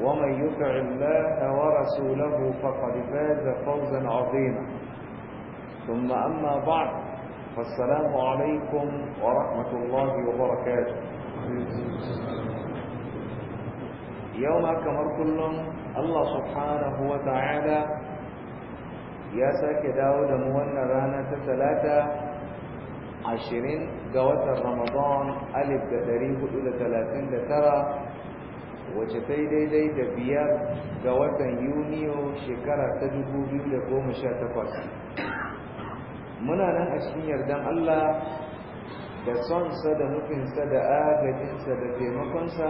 ومن يطع الله ورسوله فقد فاز فوزا عظيما ثم أما بعد فالسلام عليكم ورحمة الله وبركاته يوم كمر كلهم الله سبحانه وتعالى يا ساكي داود مولنا رانا ثلاثة عشرين جوات رمضان ألف دريه إلى ثلاثين لترى wace sai daidai da biyar ga watan yuniyo shekara ta dubu biyu da goma sha takwas muna nan a cikin yardan allah da sonsa da nufinsa da agajinsa da taimakonsa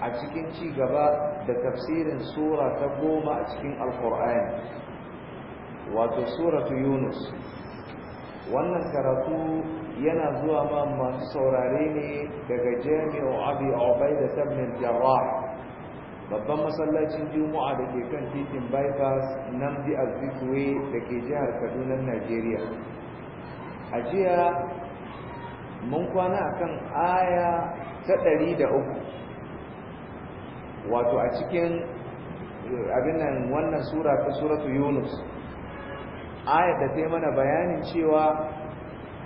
a cikin ci gaba da tafsirin sura ta goma a cikin alkur'ani wato suratu yunus wannan karatu yana zuwa ma masu saurare ne daga jami'u abi da tabbin jawa babban masallacin juma'a da ke kan titin bypass namdi azikwe da ke jihar kaduna najeriya a jiya mun kwana akan aya ta ɗari da uku wato a cikin abin wannan sura ta suratu yunus ayar da ta mana bayanin cewa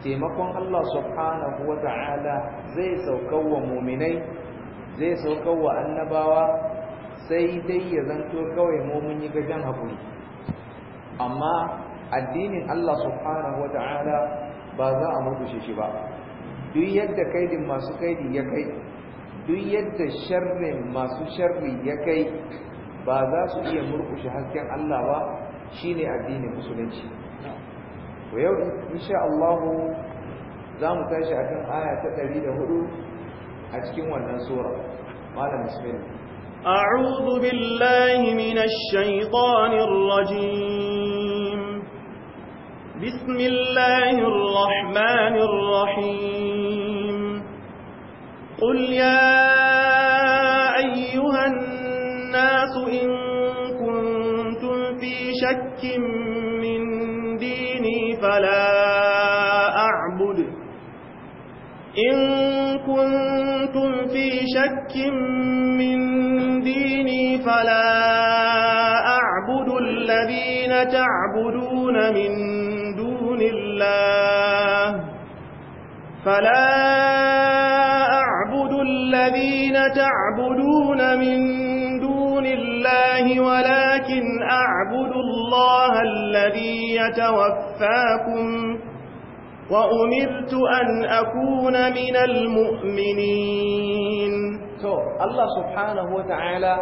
taimakon Allah subhanahu wa ta'ala zai saukawa muminai zai wa annabawa sai dai ya zanto kawai momin yi gajen haƙuri amma addinin Allah subhanahu wa ta'ala ba za a murkushe shi ba duk yadda kaidin masu kaidi ya kai duk yadda sharrin masu sharri ya kai ba za su iya murkushe hasken Allah ba shine addinin musulunci ويو ان شاء الله زامو تاشي اكن آية تتبيد هدو اتكين وانن قال بسم الله أعوذ بالله من الشيطان الرجيم بسم الله الرحمن الرحيم قل يا أيها الناس إن كنتم في شك من ديني فلا أعبد إن كنتم في شك من ديني فلا أعبد الذين تعبدون من دون الله فلا أعبد الذين تعبدون من دون الله ولكن أعبد الله الله الذي يتوفاكم وأمرت أن أكون من المؤمنين تو الله سبحانه وتعالى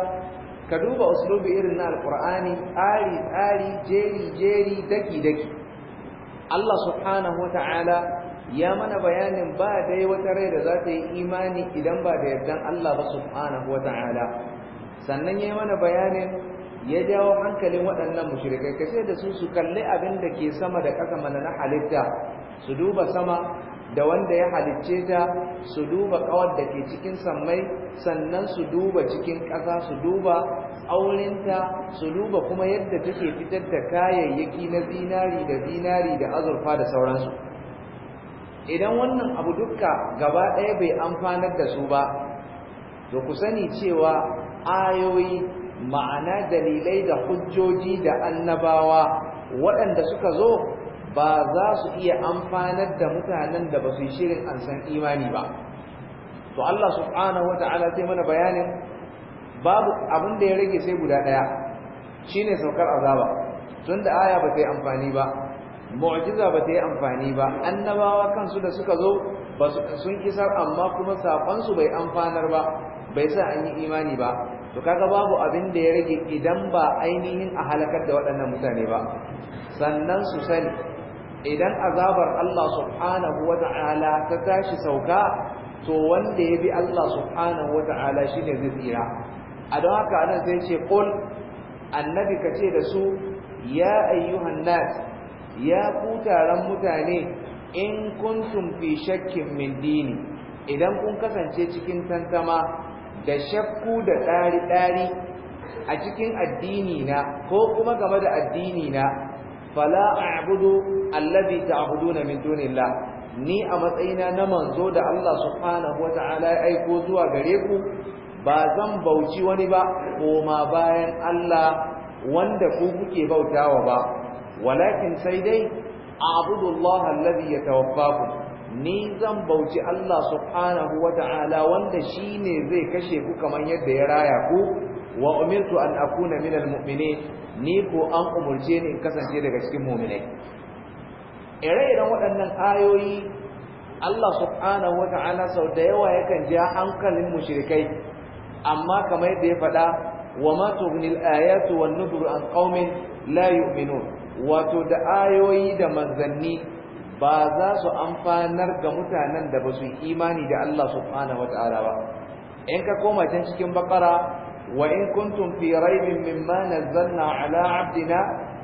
كدوب أسلوب إرنا القرآن آلي آلي جيري جيري دكي دكي الله سبحانه وتعالى ya mana bayanin ba dai wata rai da za ta yi imani idan ba da yardan Allah ba subhanahu wa ta'ala sannan ya mana bayanin ya jawo hankalin waɗannan mushrikai kace da su su kalli abin da ke sama da ƙasa mana na halitta su duba sama da wanda ya halicce ta su duba ƙawar da ke cikin sammai sannan su duba cikin ƙasa su duba aurinta su duba kuma yadda take fitar da kayayyaki na zinari da zinari da azurfa da sauransu idan wannan abu dukka gaba ɗaya bai amfanar da su ba to ku sani cewa ayoyi ma'ana dalilai da hujjoji da annabawa waɗanda suka zo ba za su iya amfanar da mutanen da ba su yi shirin an san imani ba to Allah subhanahu wata'ala sai mana bayanin babu abin da ya rage sai guda ɗaya shine saukar azaba tun da aya ba ta yi amfani ba mu'jiza ba ta yi amfani ba annabawa kansu da suka zo ba sun kisar amma kuma saƙonsu bai amfanar ba bai sa an yi imani ba to kaga babu abin da ya rage idan ba ainihin a halakar da waɗannan mutane ba sannan su sani idan azabar Allah subhanahu wa ta'ala ta tashi sauka to wanda ya bi Allah subhanahu wa ta'ala ne zai tsira a don haka anan sai ce qul annabi ka ce da su ya ayyuhan nas ya ku taron mutane in kuntum fi shakkin min dini idan kun kasance cikin tantama da shakku da ɗari-ɗari a cikin addini na ko kuma game da addini na fala a'budu allazi ta'buduna min dunillah ni a matsayina na manzo da Allah subhanahu wata'ala ya aiko zuwa gare ku ba zan bauci wani ba koma bayan Allah wanda ku kuke bautawa ba walakin sai dai a'budu Allah allazi yatawaffakum ni zan bauci Allah subhanahu wa ta'ala wanda shi ne zai kashe ku kamar yadda ya raya ku wa umirtu an akuna minal muminai, ni ko an umurce ni in kasance daga cikin mu'minai ire-iren waɗannan ayoyi Allah subhanahu wa ta'ala sau da yawa yakan ja hankalin mushrikai amma kamar yadda ya faɗa wa ma tughnil ayatu wan nuzur an qaumin la yu'minun wato da ayoyi da manzanni ba za su amfanar ga mutanen da ba su yi imani da Allah subhanahu wataala ba in ka koma can cikin bakara wa in kuntum fi raibin mimma nazzalna ala abdina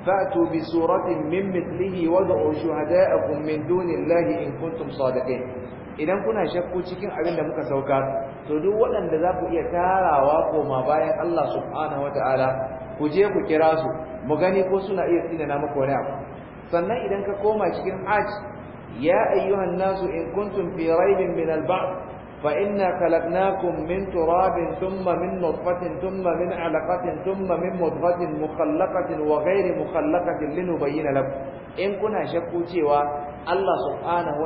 fa'tu bi suratin min mithlihi da'u shuhada'akum min dunillahi in kuntum sadiqin idan kuna shakku cikin abin da muka sauka to duk waɗanda za ku iya tarawa koma bayan Allah subhanahu wataala ku je ku kira su mu gani ko suna iya tsinana muku wani abu sannan idan ka koma cikin hajj ya ayyuhan nasu in kuntum fi raibin min al-ba'd fa inna khalaqnakum min turabin thumma min nutfatin thumma min 'alaqatin thumma min mudghatin mukhallaqatin wa ghairi mukhallaqatin linubayyana lakum in kuna shakku cewa Allah subhanahu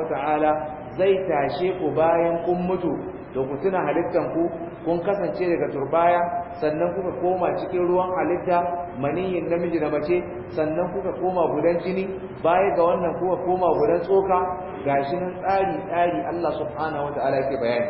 zai tashe ku bayan kun mutu to ku tuna halittan ku kun kasance daga turbaya sannan kuka koma cikin ruwan halitta maniyin namiji da mace sannan kuka koma gudan jini baya ga wannan kuka koma gudan tsoka gashi nan tsari tsari Allah subhanahu wataala yake bayani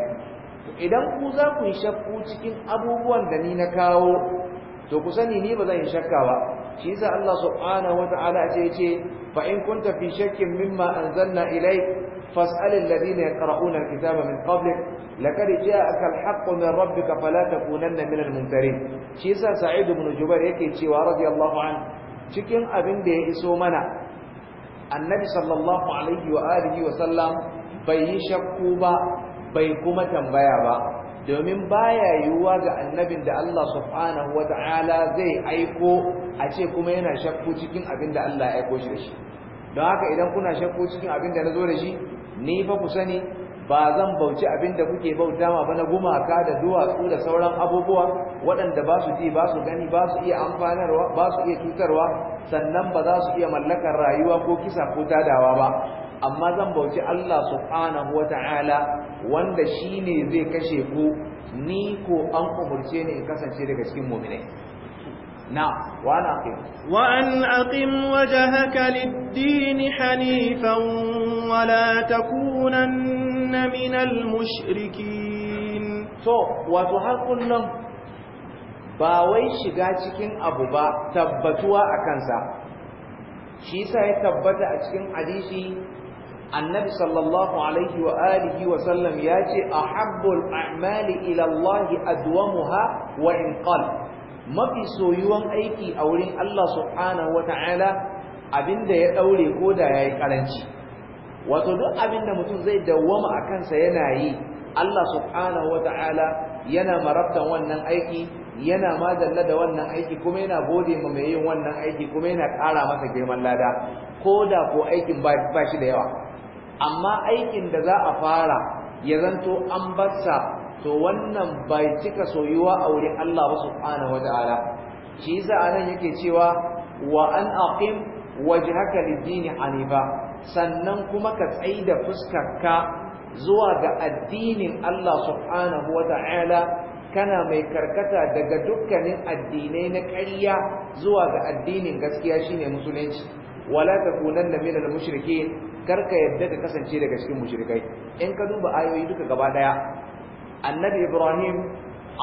idan ku za ku yi shakku cikin abubuwan da ni na kawo to ku sani ni ba zan yi shakka ba shi yasa Allah subhanahu ta'ala ya ce fa in kunta fi shakkin mimma anzalna ilayk fas'al alladhina yaqra'una alkitaba min qablik laqad ja'aka al-haqqu min rabbika fala takunanna min al-mumtarin shi yasa sa'id ibn yake cewa radiyallahu an cikin abin da ya iso mana annabi sallallahu alaihi wa alihi wa sallam bai yi shakku ba bai kuma tambaya ba domin baya yiwuwa ga annabin da Allah subhanahu wa ta'ala zai aiko a ce kuma yana shakku cikin abin da Allah ya aiko shi da shi don haka idan kuna shakku cikin abin da na zo da shi ni fa ku sani ba zan bauci abinda kuke bautawa ba na gumaka da duwatsu da sauran abubuwa waɗanda ba su ji ba su gani ba su iya amfanarwa ba su iya cutarwa sannan ba za su iya mallakar rayuwa ko kisa ko tadawa ba amma zan bauci Allah subhanahu ta'ala wanda ne zai kashe ku ni ko an umurce ni in kasance daga cikin mu'minai نعم وأن أقم وأن أقم وجهك Hanifan حنيفا ولا تكونن kunna minal mushrikin to wato har kullum ba wai shiga cikin abu ba tabbatuwa a kansa shi sa ya tabbata a cikin hadisi annabi sallallahu alaihi wa alihi wa sallam ya ce ahabbul a'mali ila Allah adwamuha wa in qal mafi soyuwan aiki a wurin Allah subhanahu wa ta'ala abinda ya daure ko da yayi karanci wato duk abin da mutum zai dawwama a kansa yana yi Allah subhanahu ta'ala yana marabtan wannan aiki yana madalla da wannan aiki kuma yana gode ma mai yin wannan aiki kuma yana ƙara masa girman lada ko da ko aikin ba shi da yawa amma aikin da za a fara ya zanto an barsa to wannan bai cika soyuwa a wurin Allah ba subhanahu ta'ala shi yasa anan yake cewa wa an aqim wajhaka lid dini hanifa sannan kuma ka tsaida fuskarka zuwa ga addinin Allah subhanahu wa ta'ala kana mai karkata daga dukkanin addinai na ƙarya zuwa ga addinin gaskiya shine musulunci wala takunanna minal mushrikeen karka yadda ka kasance daga cikin mushrikai in ka duba ayoyi duka gaba daya annabi ibrahim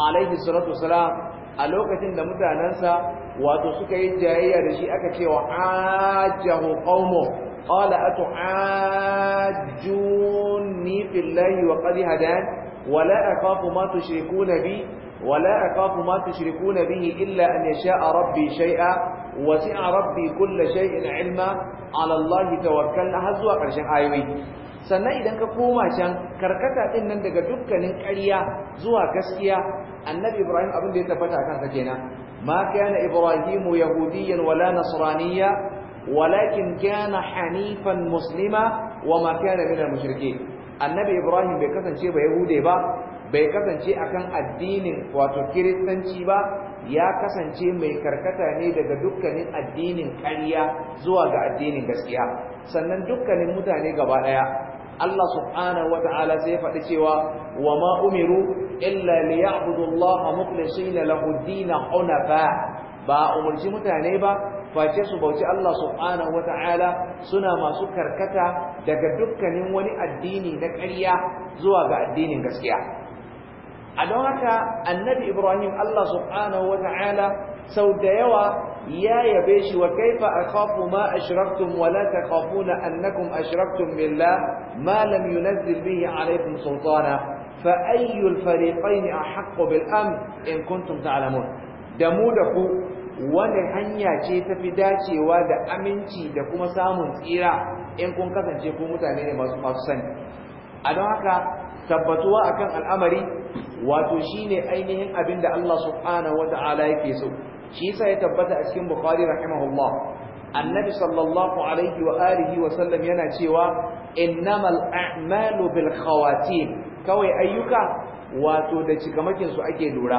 alaihi salatu wasalam a lokacin da mutanansa wato suka yi jayayya da shi aka cewa ajahu qaumo qala atu'ajjuni billahi wa qad hadan wa la akhafu ma tushrikuna bi wa la akhafu ma tushrikuna bihi illa an yasha'a rabbi shay'a wasi'a rabbi kulla shay'in ilma ala Allah tawakkalna har zuwa ƙarshen ayoyi sannan idan ka koma shan karkata din daga dukkanin karya zuwa gaskiya annabi Ibrahim abin da ya tabbata akan sa kenan ma kana Ibrahimu yahudiyyan wala nasraniyya walakin kana hanifan muslima wa ma kana minal annabi ibrahim bai kasance ba yahude ba bai kasance akan addinin wato kiristanci ba ya kasance mai karkata ne daga dukkanin addinin ƙarya zuwa ga addinin gaskiya sannan dukkanin mutane gaba ɗaya Allah subhanahu wa ta'ala sai faɗi cewa wa ma umiru illa liya'budu Allah mukhlisina lahu ad-din hunafa ba umurci mutane ba face su bauci Allah subhanahu wata'ala suna masu karkata daga dukkanin wani addini na ƙarya zuwa ga addinin gaskiya a don haka annabi Ibrahim Allah subhanahu wata'ala sau da yawa ya yabe shi wa kaifa akhafu ma ashraktum wa la takhafuna annakum ashraktum billah ma lam yunzil bihi alaykum sultana fa ayyul fariqayn ahqqu bil amn in kuntum ta'lamun da mu da ku wani hanya ce ta fi dacewa da aminci da kuma samun tsira in kun kasance ko mutane ne masu masu sani a don haka tabbatuwa akan al'amari wato shine ainihin abin da Allah subhanahu Ta'ala yake so shi yasa ya tabbata a cikin bukhari rahimahullah annabi sallallahu alaihi wa alihi wa sallam yana cewa innamal a'malu bil khawatim kawai ayyuka wato da cikamakin su ake lura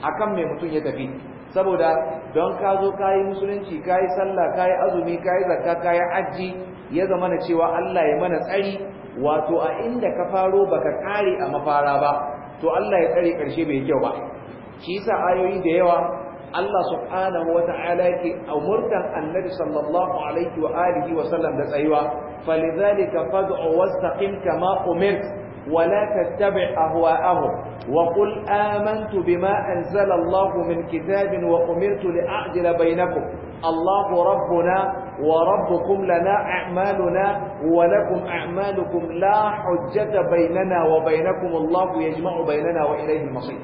akan mai mutum ya tafi saboda don ka zo ka yi musulunci ka yi sallah ka yi azumi ka yi zakka ka yi hajji ya zama na cewa Allah ya mana tsari wato a inda ka faro baka kare a mafara ba to Allah ya tsare karshe bai kyau ba shi yasa ayoyi da yawa Allah subhanahu wata'ala yake umurtan annabi sallallahu alaihi wa alihi wa sallam da tsayuwa falidhalika fad'u wastaqim kama umirt ولا تتبع أهواءهم وقل آمنت بما أنزل الله من كتاب وأمرت لأعدل بينكم الله ربنا وربكم لنا أعمالنا ولكم أعمالكم لا حجة بيننا وبينكم الله يجمع بيننا وإليه المصير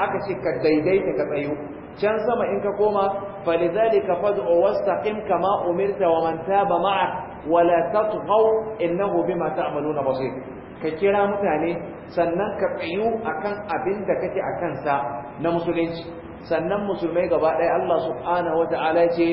أكسك ديديتك أيوب can sama in ka koma falidhalika fad'u wastaqim kama umirta wa man taba ma'ak wa la tatghaw innahu bima ta'maluna basir ka kira mutane sannan ka tsayu akan abin da kake a kansa na musulunci sannan musulmai gaba ɗaya Allah Subhana wa ta'ala ce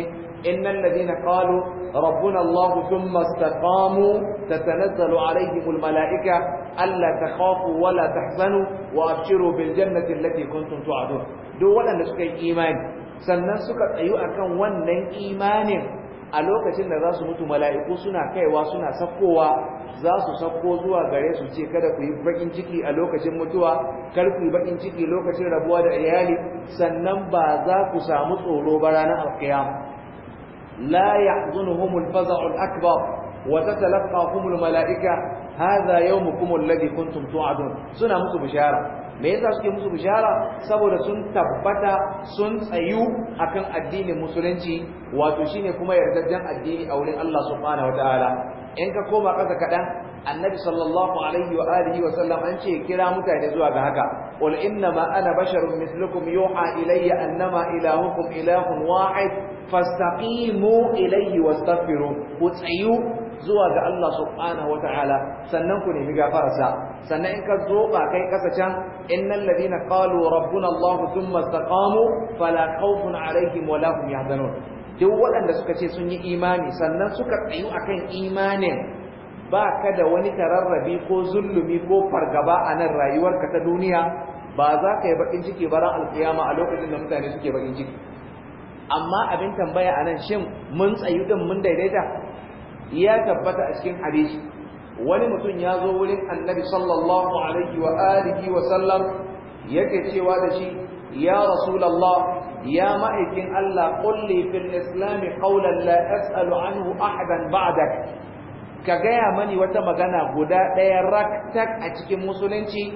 innal ladina qalu rabbuna Allah thumma istaqamu tatanazzalu alaihim al malaika alla takhafu wa la tahzanu wa abshiru bil jannati allati kuntum tu'adun duk waɗanda suka yi imani sannan suka tsayu akan wannan imanin a lokacin da za su mutu mala'iku suna kaiwa suna sakkowa za su sakko zuwa gare su ce kada ku yi bakin ciki a lokacin mutuwa kar ku yi baƙin ciki lokacin rabuwa da iyali sannan ba za ku samu tsoro ba ranar alkiyama la yahzunuhumul faza'ul akbar wa humul mala'ika hadha yawmukum alladhi kuntum tu'adun suna musu bishara me yasa suke musu bishara saboda sun tabbata sun tsayu akan addinin musulunci wato shine kuma yardajjen addini a wurin Allah subhanahu wataala in ka koma ƙasa kaɗan annabi sallallahu alaihi wa alihi wa sallam an ce kira mutane zuwa ga haka qul inna ma ana basharun mislukum yuha ilayya annama ilahukum ilahun wahid fastaqimu ilayhi wastaghfiru ku tsayu zuwa ga Allah subhanahu wataala sannan ku nemi gafararsa sannan in ka zoba kai kasa can innal ladina qalu rabbuna allah thumma istaqamu fala khawfun alaihim wa lahum yahzanun duk waɗanda suka ce sun yi imani sannan suka tsayu akan imanin ba ka da wani tararrabi ko zulumi ko fargaba a nan rayuwarka ta duniya ba za ka yi bakin ciki ba ran alkiyama a lokacin da mutane suke bakin ciki amma abin tambaya a nan shin mun tsayu din mun daidaita ya tabbata a cikin hadisi wani mutum ya zo wurin annabi sallallahu alaihi wa alihi wa sallam yake cewa da shi ya rasulullah ya ma'aikin Allah ƙulle fil islam qawlan la as'alu anhu ahadan ba'dak ka gaya mani wata magana guda ɗaya raktak a cikin musulunci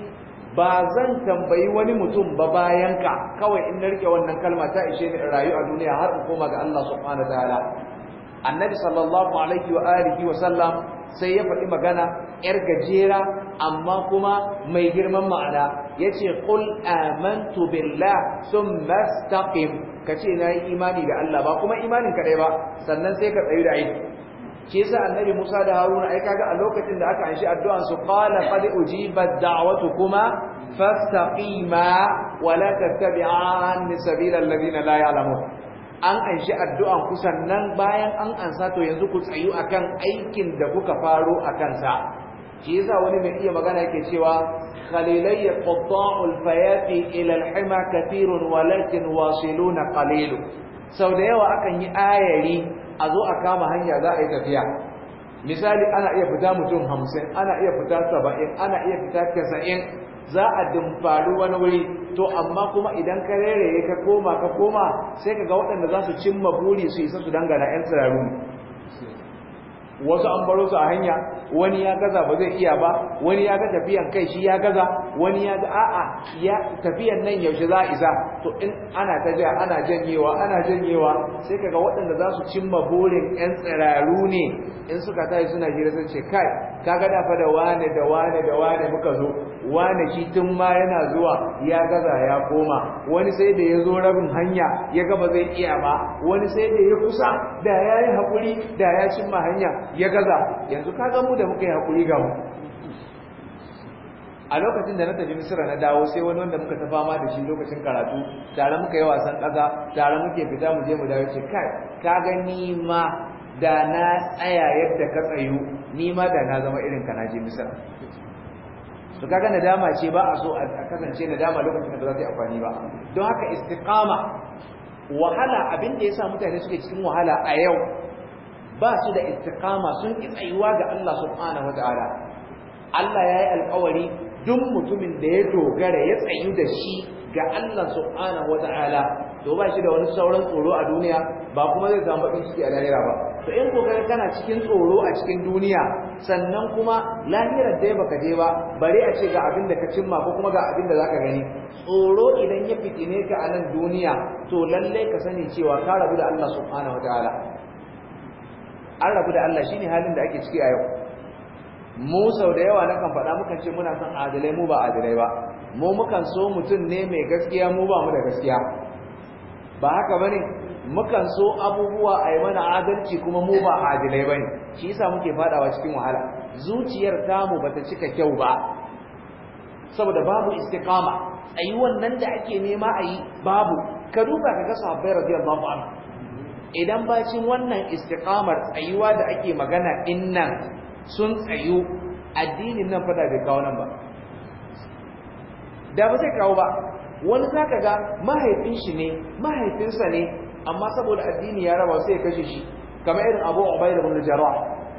ba zan tambayi wani mutum ba bayanka kawai in na rike wannan kalma ta ishe ni rayu a duniya har in koma ga Allah subhanahu wa ta'ala annabi sallallahu alaihi wa alihi wa sallam sai ya faɗi magana yar gajera amma kuma mai girman ma'ana yace qul amantu billah thumma ka kace na yi imani da Allah ba kuma imanin kaɗai ba sannan sai ka tsayu da aiki Ke sa annabi Musa da Haruna ai kaga a lokacin da aka anshi addu'an su qala qad ujibat da'watukuma fastaqima wa la tattabi'an sabila alladhina la ya'lamun an anshi addu'an kusan nan bayan an ansa to yanzu ku tsayu akan aikin da kuka faro a kansa shi yasa wani mai iya magana yake cewa khalilayya qatta'ul fayafi ilal al-hima kafirun walakin wasiluna Khalilu. sau da yawa akan yi ayari a zo a kama hanya za a yi tafiya misali ana iya fita mutum hamsin ana iya fita saba'in ana iya fita casa'in za a dimfaru wani wuri to amma kuma idan ka rairaye ka koma ka koma sai ka ga waɗanda za su cimma buri su isa su dangana 'yan tsirarru wasu an baro su a hanya wani ya gaza ba zai iya ba wani ya ga tafiyan kai shi ya gaza wani ya ga a'a ya tafiyan nan yaushe za isa to in ana ta jiya ana janyewa ana janyewa sai kaga waɗanda za su cimma burin yan tsiraru ne in suka tashi suna hira sun ce kai kaga da fa da wane da wane da wane muka zo wane shi tun ma yana zuwa ya gaza ya koma wani sai da ya zo rabin hanya ya gaba zai iya ba wani sai da ya kusa da ya yi haƙuri da ya cimma hanya ya gaza yanzu ka mu da muka yi haƙuri ga mu a lokacin da na tafi misira na dawo sai wani wanda muka ta fama da shi lokacin karatu tare muka yi wasan ƙasa tare muke fita mu je mu dawo ce kai ka ga ni ma da na tsaya yadda ka tsayu ni ma da na zama irin ka na je misira to kaga nadama ce ba a so a kasance nadama lokacin da za su yi amfani ba don haka istiqama wahala abin da yasa mutane suke cikin wahala a yau ba su da istiqama sun ki tsayuwa ga Allah subhanahu wataala Allah ya yi alkawari duk mutumin da ya dogara ya tsayu da shi ga Allah subhanahu wataala to ba shi da wani sauran tsoro a duniya ba kuma zai samu bakin ciki a lahira ba to in kokari kana cikin tsoro a cikin duniya sannan kuma lahirar da ka je ba bare a ce ga abin da ka cimma ko kuma ga abin da zaka gani tsoro idan ya fitine ka a nan duniya to lalle ka sani cewa ka rabu da Allah subhanahu wataala an rabu da Allah shine halin da ake ciki a yau mu sau da yawa na kan faɗa mukan ce muna son adalai mu ba adalai ba mu mukan so mutum ne mai gaskiya mu ba mu da gaskiya ba haka bane mukan so abubuwa a yi mana adalci kuma mu ba adilai bane shi yasa muke fadawa cikin wahala zuciyar tamu bata cika kyau ba saboda babu istiqama tsayuwan nan da ake nema a yi babu ka duba ka ga sahabbai radiyallahu anhu idan bacin wannan istiqamar tsayuwa da ake magana din nan sun tsayu addinin nan fada bai kawo nan ba da ba zai kawo ba wani za ka ga mahaifin shi ne mahaifinsa ne amma saboda addini ya raba sai ya kashe shi kamar irin abu bayar bin jara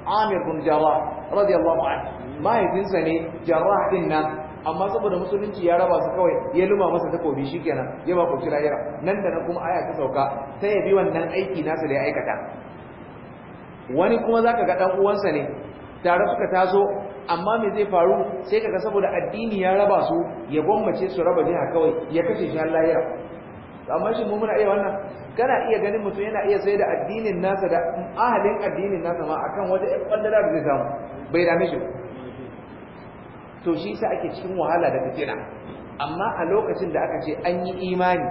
amir bin jara radiyallahu anhu mahaifinsa ne jara din nan amma saboda musulunci ya raba su kawai ya luma masa takobi shikenan ya ba ku kira nan da nan kuma aya ta sauka sai ya bi wannan aiki nasa da ya aikata wani kuma za ka ga dan uwansa ne tare suka taso amma me zai faru sai kaga saboda addini ya raba su ya gwammace su raba jiha kawai ya kashe shi halayya lahira amma shi mu muna iya wannan kana iya ganin mutum yana iya sai da addinin nasa da ahalin addinin nasa ma akan wata ɗan kwandala da zai samu bai dame shi to shi yasa ake cikin wahala da fitina amma a lokacin da aka ce an yi imani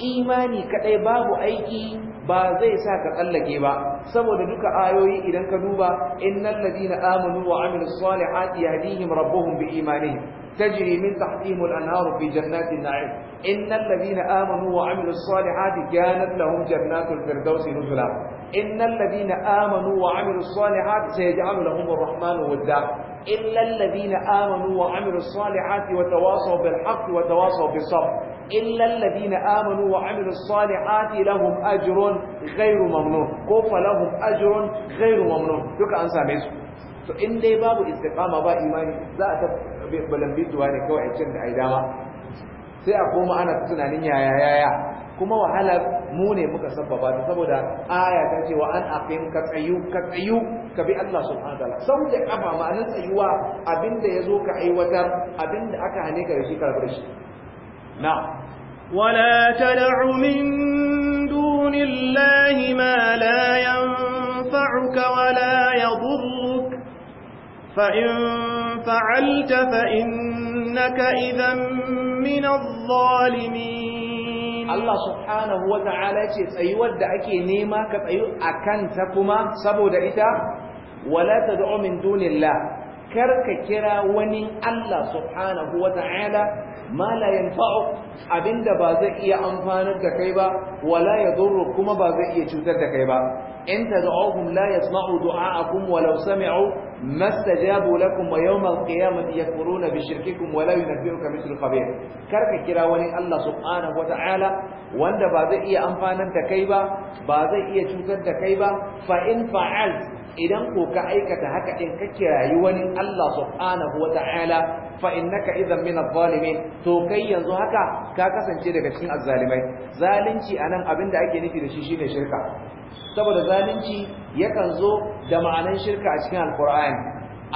imani kadai babu aiki ba zai sa ka tsallake ba saboda duka ayoyi idan ka duba innal ladina amanu wa amilus salihati yahdihim rabbuhum bi imanihim tajri min tahtihim al-anharu fi jannatin na'im innal ladina amanu wa amilus salihati kanat lahum jannatul firdausi nuzula innal ladina amanu wa amilus salihati sayaj'alu lahum arrahmanu wadda illa alladhina amanu wa amilus salihati wa tawasaw bil haqqi wa tawasaw bis sabr amanu wa amilus salihati lahum ajrun ghairu mamnun ko falahum ajrun ghairu mamnun duka an same su to in dai babu istiqama ba imani za a ne kawai a cin da ai dama sai a koma ana tunanin yaya yaya kuma wahala mu ne muka sababa ta saboda aya ta ce wa an aqim ka tsayu ka tsayu ka bi Allah subhanahu wataala sau da ma ma'anar tsayuwa abinda yazo ka aiwatar abinda aka hane ka da shi karbar shi na ولا تدع من دون الله ما لا ينفعك ولا يضرك فإن فعلت فإنك idan. من الظالمين الله سبحانه ce tsayuwar da ake nema ka tsayu a kanta kuma saboda ita wala tad'u min kar ka kira wani Allah subhanahu wata'ala ma la yanfa'u abinda ba zai iya amfanar da kai ba wala yadurru kuma ba zai iya cutar da kai ba in tad'uhum la yasma'u du'a'akum walau sami'u ما استجابوا لكم ويوم القيامة يكفرون بشرككم ولا ينبئك مثل خبير كرك كرا ولي الله سبحانه وتعالى وأنت بعد إيه أنفانا تكيبا بعد إيه شوتا تكيبا فإن فعلت idan ko ka aikata haka ɗin ka kirayi wani Allah subhanahu wata'ala fa innaka idan min adh-dhalimin to kai yanzu haka ka kasance daga cikin azzalimai zalunci anan abinda ake nufi da shi shine shirka saboda zalunci yakan zo da ma'anan shirka a cikin alqur'ani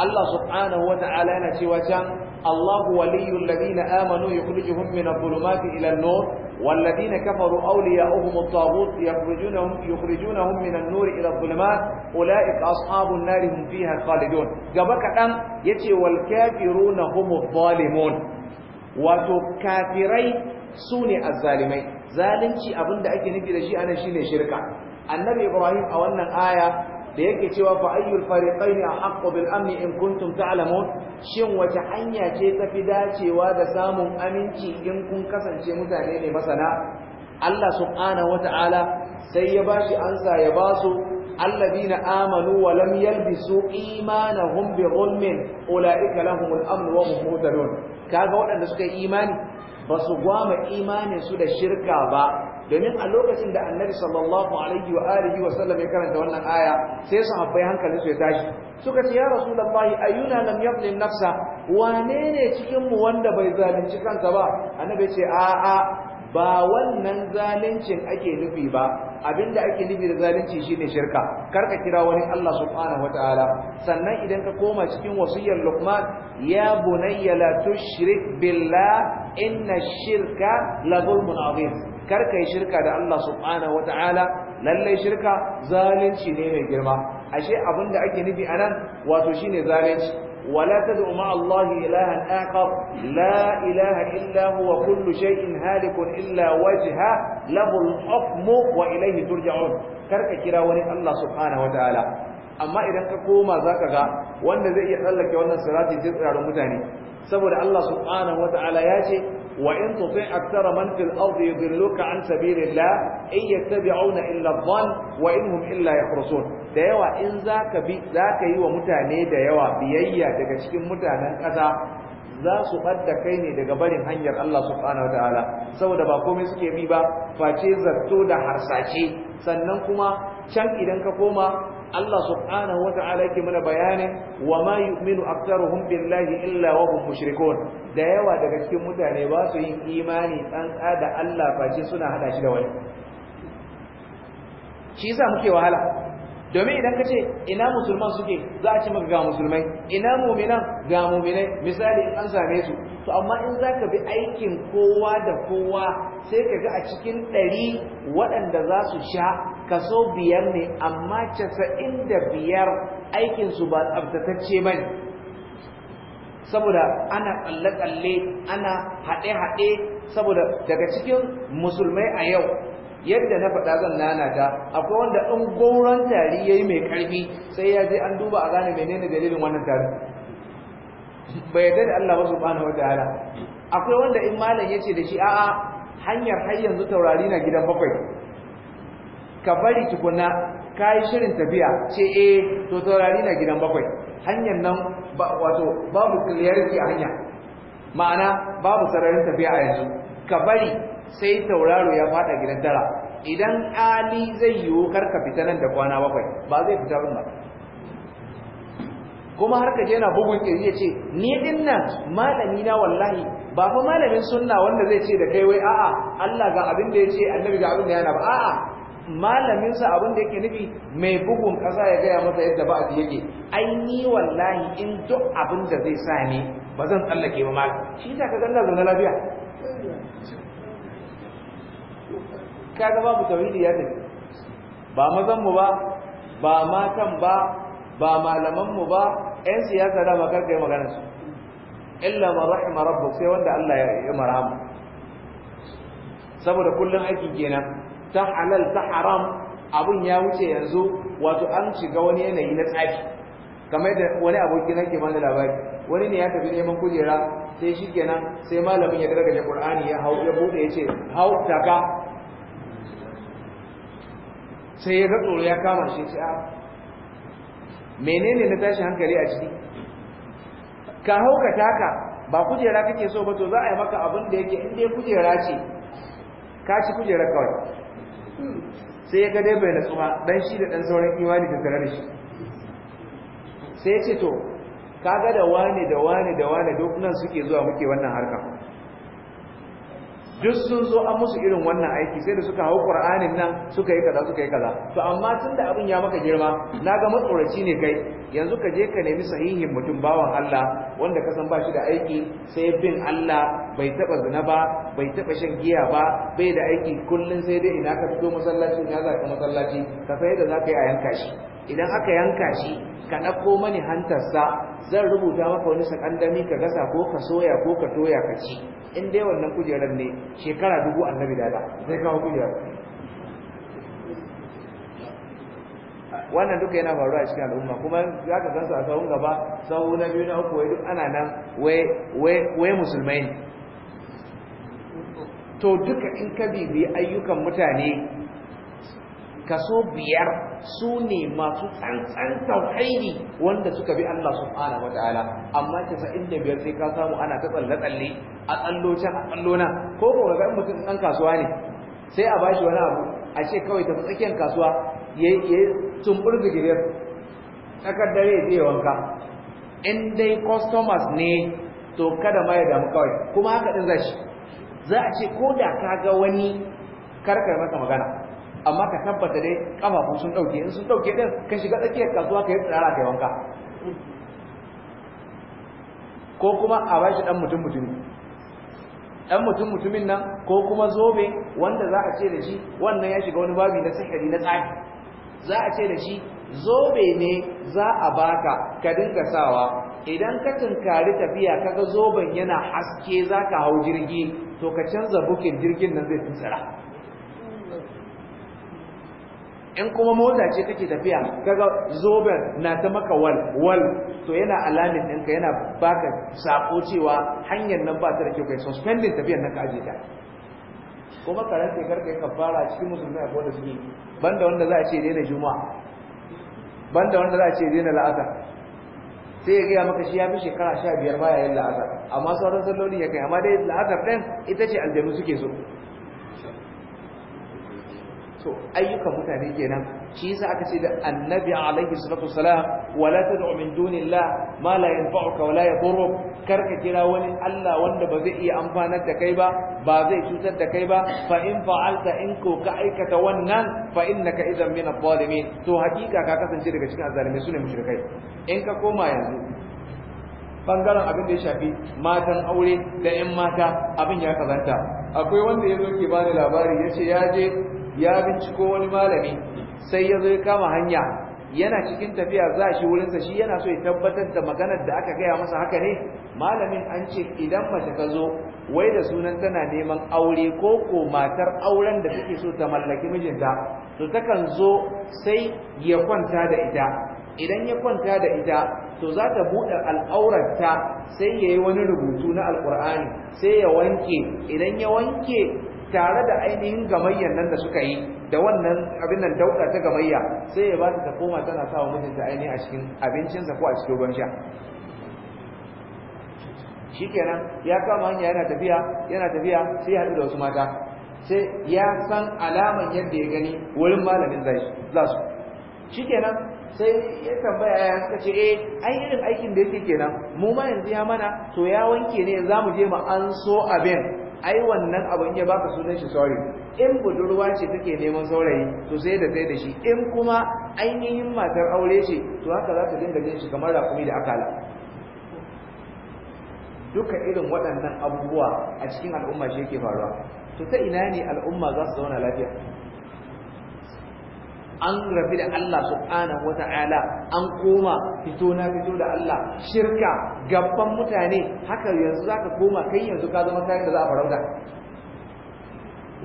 Allah subhanahu wata'ala yana cewa can Allahu waliyul ladina amanu yukhrijuhum min adh-dhulumati ila an-nur والذين كفروا أولياؤهم الطاغوت يخرجونهم, يخرجونهم من النور إلى الظلمات أولئك أصحاب النار zalunci abin da ake nufi da shi anan shine shirka annabi ibrahim a wannan aya da yake cewa fa ayyul fariqaini ahqqu bil amni in kuntum ta'lamun shin wace hanya ce tafi dacewa da samun aminci in kun kasance mutane ne masana Allah subhanahu wata'ala sai ya bashi ansa ya basu alladina amanu wa lam yalbisu imanahum bi zulmin ulaika lahumul amn wa hum muhtadun kaga waɗanda suka yi imani ba su gwama imanin su da shirka ba domin a lokacin da annabi sallallahu alaihi wa alihi wa sallam ya karanta wannan aya sai sahabbai hankalin su ya tashi suka ce ya rasulullahi ayyuna lam yadlim nafsa wane ne cikin mu wanda bai zalunci kansa ba annabi ce a a ba wannan zaluncin ake nufi ba abinda ake nufi da zalunci shine shirka karka kira wani Allah subhanahu wataala sannan idan ka koma cikin wasiyar Luqman ya bunayya la tushrik billah inna shirka la zulmun karka yi shirka da Allah subhanahu wataala lallai shirka zalunci ne mai girma ashe abin da ake nufi anan wato shine zalunci wala tad'u ma Allah ilahan akhar la ilaha illa huwa kullu shay'in halikun illa wajha lahu al-hukmu wa ilayhi turja'un karka kira wani Allah subhanahu wataala amma idan ka koma zaka ga wanda zai iya tsallake wannan sirati sai mutane saboda Allah subhanahu wataala ya ce وإن تطيع أكثر من في الأرض يضلوك عن سبيل الله إن يتبعون إلا الظن وإن هم إلا يخرصون da yawa in zaka bi zaka yi wa mutane da yawa biyayya daga cikin mutanen ƙasa za su ɓadda kai ne daga barin hanyar Allah subhanahu saboda ba komai suke bi ba face zato da harsace sannan kuma can idan ka koma Allah subhanahu wa ta'ala yake mana bayanin wa ma yu'minu aktharuhum billahi illa wa hum mushrikun da yawa daga cikin mutane ba su yin imani tsantsa da Allah face suna hada shi da wani shi yasa muke wahala domin idan kace ina musulman suke za a ci maka ga musulmai ina mu'minan ga mu'minai misali in an same su to amma in zaka bi aikin kowa da kowa sai kaga a cikin ɗari waɗanda za su sha kaso biyar ne amma casa'in da biyar aikinsu ba tsabtatacce ba ne saboda ana tsalle-tsalle ana haɗe-haɗe saboda daga cikin musulmai a yau yadda na faɗa zan lalata akwai wanda ɗan goron tari ya yi mai ƙarfi sai ya je an duba a gane menene dalilin wannan tari bai yarda da Allah ba wata wataala akwai wanda in malam ce da shi a'a hanyar har yanzu taurari na gidan bakwai ka bari tukuna ka yi shirin tafiya ce eh to taurari na gidan bakwai hanyar nan wato babu clarity a hanya ma'ana babu sararin tafiya a yanzu ka bari sai tauraro ya fada gidan tara idan ali zai yiwu kar ka fita nan da kwana bakwai ba zai fita ba kuma har je na bugun ya ce ni din nan malami na wallahi ba fa malamin sunna wanda zai ce da kai wai a'a Allah ga abin da ya ce annabi ga abin da yana ba a'a malaminsa abin da yake nufi mai bugun ƙasa ya gaya masa yadda ba a yake ai ni wallahi in duk abin da zai sa ni ba zan tsallake ba malam shi ta ka ganna zaune lafiya ka ga babu tauhidi ya tafi ba mazan mu ba ba matan ba ba malaman mu ba yan siyasa da ba karka yi maganar su illa man rahima rabbuk sai wanda Allah ya marhamu saboda kullun aikin kenan ta halal ta haram abun ya wuce yanzu wato an shiga wani yanayi na tsaki kamar da wani aboki na ke bani labari wani ne ya tafi neman kujera sai shi kenan sai malamin ya daga qur'ani ya hau ya bude ya ce hau daga sai ya ga tsoro ya kama shi sai a menene na tashi hankali a ciki ka hau ka taka ba kujera kake so ba to za a yi maka abin da yake in dai kujera ce ka ci kujera kawai sai ya gade bai natsu ba dan shi da dan sauran imani da tare da shi sai ya ce to kaga da wane da wane da wane dokunan suke zuwa muke wannan harkar duk sun zo an musu irin wannan aiki sai da suka hau qur'anin nan suka yi kaza suka yi kaza to amma tunda abin ya maka girma na naga matsoraci ne kai yanzu ka je ka nemi sahihin mutum bawan Allah wanda ka san ba shi da aiki sai bin Allah bai taba zina ba bai taba shan giya ba bai da aiki kullun sai dai ina ka fito masallaci ina za ka masallaci ka sai da za ka yi a yanka shi idan aka yanka shi ka ɗauko mani hantarsa zan rubuta maka wani sakandami ka gasa ko ka soya ko ka toya ka ci in dai wannan kujerar ne shekara dubu annabi da zai kawo kujerar wannan duka yana faruwa a cikin al'umma kuma za ka gansu a tsawon gaba sahu na biyu na uku ana nan wai musulmai to duka in ka bibi ayyukan mutane kaso biyar su ne masu tsantsan tauhidi wanda suka bi Allah subhanahu ta'ala amma sa da biyar sai ka samu ana ta tsalle tsalle a tsallo can a tsallo ko ko ga mutum dan kasuwa ne sai a bashi wani abu a ce kawai tafi tsakiyar kasuwa yayi tumbur zigirir tsakar dare zai wanka in dai customers ne to kada ma ya damu kawai kuma haka din zashi za a ce ko da ka ga wani karkar masa magana amma ka tabbata dai kafafun sun dauke in sun dauke din ka shiga tsakiyar kasuwa ka yi tsirara kai wanka ko kuma a bashi dan mutum mutumi dan mutum mutumin nan ko kuma zobe wanda za a ce da shi wannan ya shiga wani babi na sihiri na tsari za a ce da shi zobe ne za a baka ka dinga sawa idan ka tunkari tafiya ka ga zoben yana haske za ka hau jirgi to ka canza bukin jirgin nan zai tsira in kuma mota ce kake tafiya kaga zoben na ta maka wal wal to yana alamin ɗinka yana baka sako cewa hanyar nan ba ta da kyau kai suspendin tafiyar nan ka aje ta kuma karanta karka yi kafara cikin musulmi a kowace suke banda wanda za a ce daina juma'a banda wanda za a ce daina la'asar sai ya gaya maka shi ya fi shekara sha biyar baya yin la'asar amma sauran salloli ya kai amma dai la'asar ɗin ita ce aljanu suke so to ayyukan mutane kenan shi yasa aka ce da annabi alaihi salatu wasalam wala tad'u min dunillah ma la yanfa'uka wa yadurruk kar ka kira wani Allah wanda ba zai iya amfanar da kai ba ba zai cutar da kai ba fa in fa'alta in ko ka aikata wannan fa innaka idan min adh-dhalimin to hakika ka kasance daga cikin azzalimai sune mushrikai in ka koma yanzu bangaren abin da ya shafi matan aure da 'yan mata abin ya kazanta akwai wanda ya zo ke bani labari ya ce ya je ya binciko wani malami sai ya zo ya kama hanya yana cikin tafiya za shi wurinsa shi yana so ya tabbatar da maganar da aka gaya masa haka ne malamin an ce idan mace ka zo wai da sunan tana neman aure ko ko matar auren da take so ta mallaki mijinta to takan zo sai ya kwanta da ita idan ya kwanta da ita to za ta buɗe al'aurarta sai ya yi wani rubutu na alƙur'ani sai ya wanke idan ya wanke tare da ainihin gamayyar nan da suka yi da wannan abin nan dauka ta gamayya sai ya ba ta koma tana sawa mijinta ainihin a cikin abincinsa ko a cikin ruwan sha shikenan ya kama hanya yana tafiya yana tafiya sai ya haɗu da wasu mata sai ya san alaman yadda ya gani wurin malamin za su shikenan sai ya tambaya ya suka ce eh ai irin aikin da yake kenan mu ma yanzu ya mana to ya wanke ne za mu je mu an so abin ai wannan abin ya baka sunan shi sauri, in budurwa ce take neman saurayi to sai da sai da shi in kuma ainihin matar aure ce to haka za ka dinga jin shi kamar rakumi da akala duka irin waɗannan abubuwa a cikin al'umma shi yake faruwa to ta ina ne al'umma za su zauna lafiya an rabi da Allah subhanahu wata'ala an koma fito na fito da Allah shirka gaban mutane haka yanzu zaka koma kai yanzu ka zama kayan da za a farauta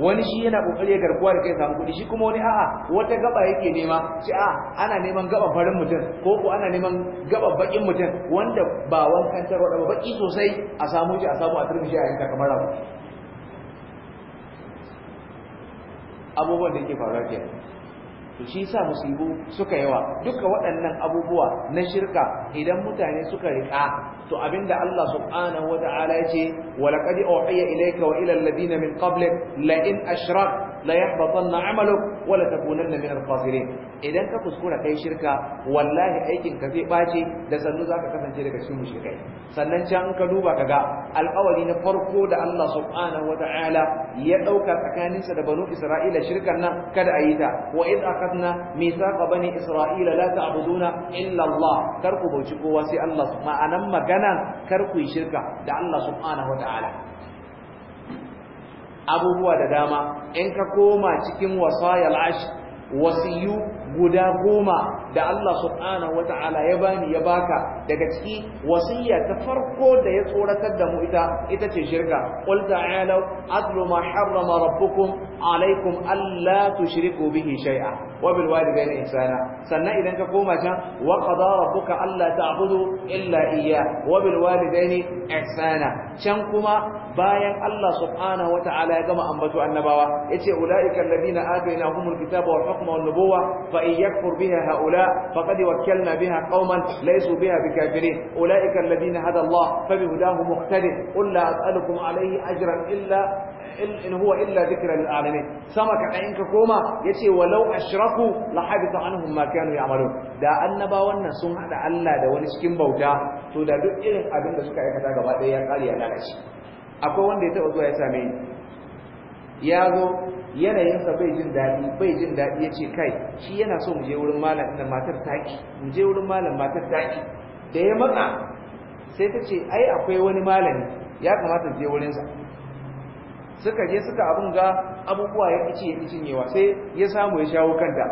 wani shi yana kokari ya garkuwa da kai samu kuɗi shi kuma wani a'a wata gaba yake nema shi a ana neman gaban farin mutum ko ko ana neman gaba bakin mutum wanda ba wankan tarwa da baki sosai a samu shi a samu a turmi shi a yanka kamar abu abubuwan da yake faruwa kenan to shi yasa musibu suka yawa duka waɗannan abubuwa na shirka idan mutane suka riƙa to abinda Allah subhanahu wata'ala yace walaqad uhiya ilayka wa ila alladhina min qablik la in ashrak la yahbatanna 'amaluk wa la takunanna min al-khasirin idan ka kuskura kai shirka wallahi aikin ka zai bace da sannu zaka kasance daga cikin mushrikai sannan can ka duba kaga alƙawari na farko da Allah subhanahu wata'ala ya dauka tsakaninsa da banu Isra'ila shirkan nan kada a yi ta wa id akhadna mithaqa bani Isra'ila la ta'buduna illa Allah kar ku bauci kowa sai Allah ma'anan magana maganan kar ku yi shirka da Allah subhanahu wataala abubuwa da dama in ka koma cikin wasayal ash wasiyu guda goma da Allah subhanahu wataala ya bani ya baka daga ciki wasiyya ta farko da ya tsoratar da mu ita ita ce shirka qul ta'alu atlu ma harrama rabbukum alaikum alla tushriku bihi shay'a wa bil walidayni ihsana sannan idan ka koma can wa qada rabbuka alla ta'budu illa iya. wa bil walidayni ihsana can kuma bayan Allah subhanahu wata'ala ya gama ambato annabawa yace ulaika alladhina atainahumul kitaba wal hukma wan nubuwa fa in yakfur biha haula faqad wakkalna biha qauman laysu biha bikafirin ulaika alladhina hada Allah fa bihudahu muqtadi qul la as'alukum alayhi ajran illa in huwa illa dhikra lil alamin sama kaɗan in ka koma yace walau ashraku la habita anhum ma kanu ya'malun da annabawan nan sun hada Allah da wani cikin bauta to da duk irin abin da suka aikata gaba daya ya kare ya lalace akwai wanda ya taba zuwa ya same ni ya zo yanayinsa bai jin daɗi bai jin dadi yace kai shi yana so mu je wurin malam da matar taki mu je wurin malam matar taki da ya matsa sai ta ce ai akwai wani malami ya kamata je sa suka je suka abin ga abubuwa ya ice ya cinyewa sai ya samu ya shawo kanta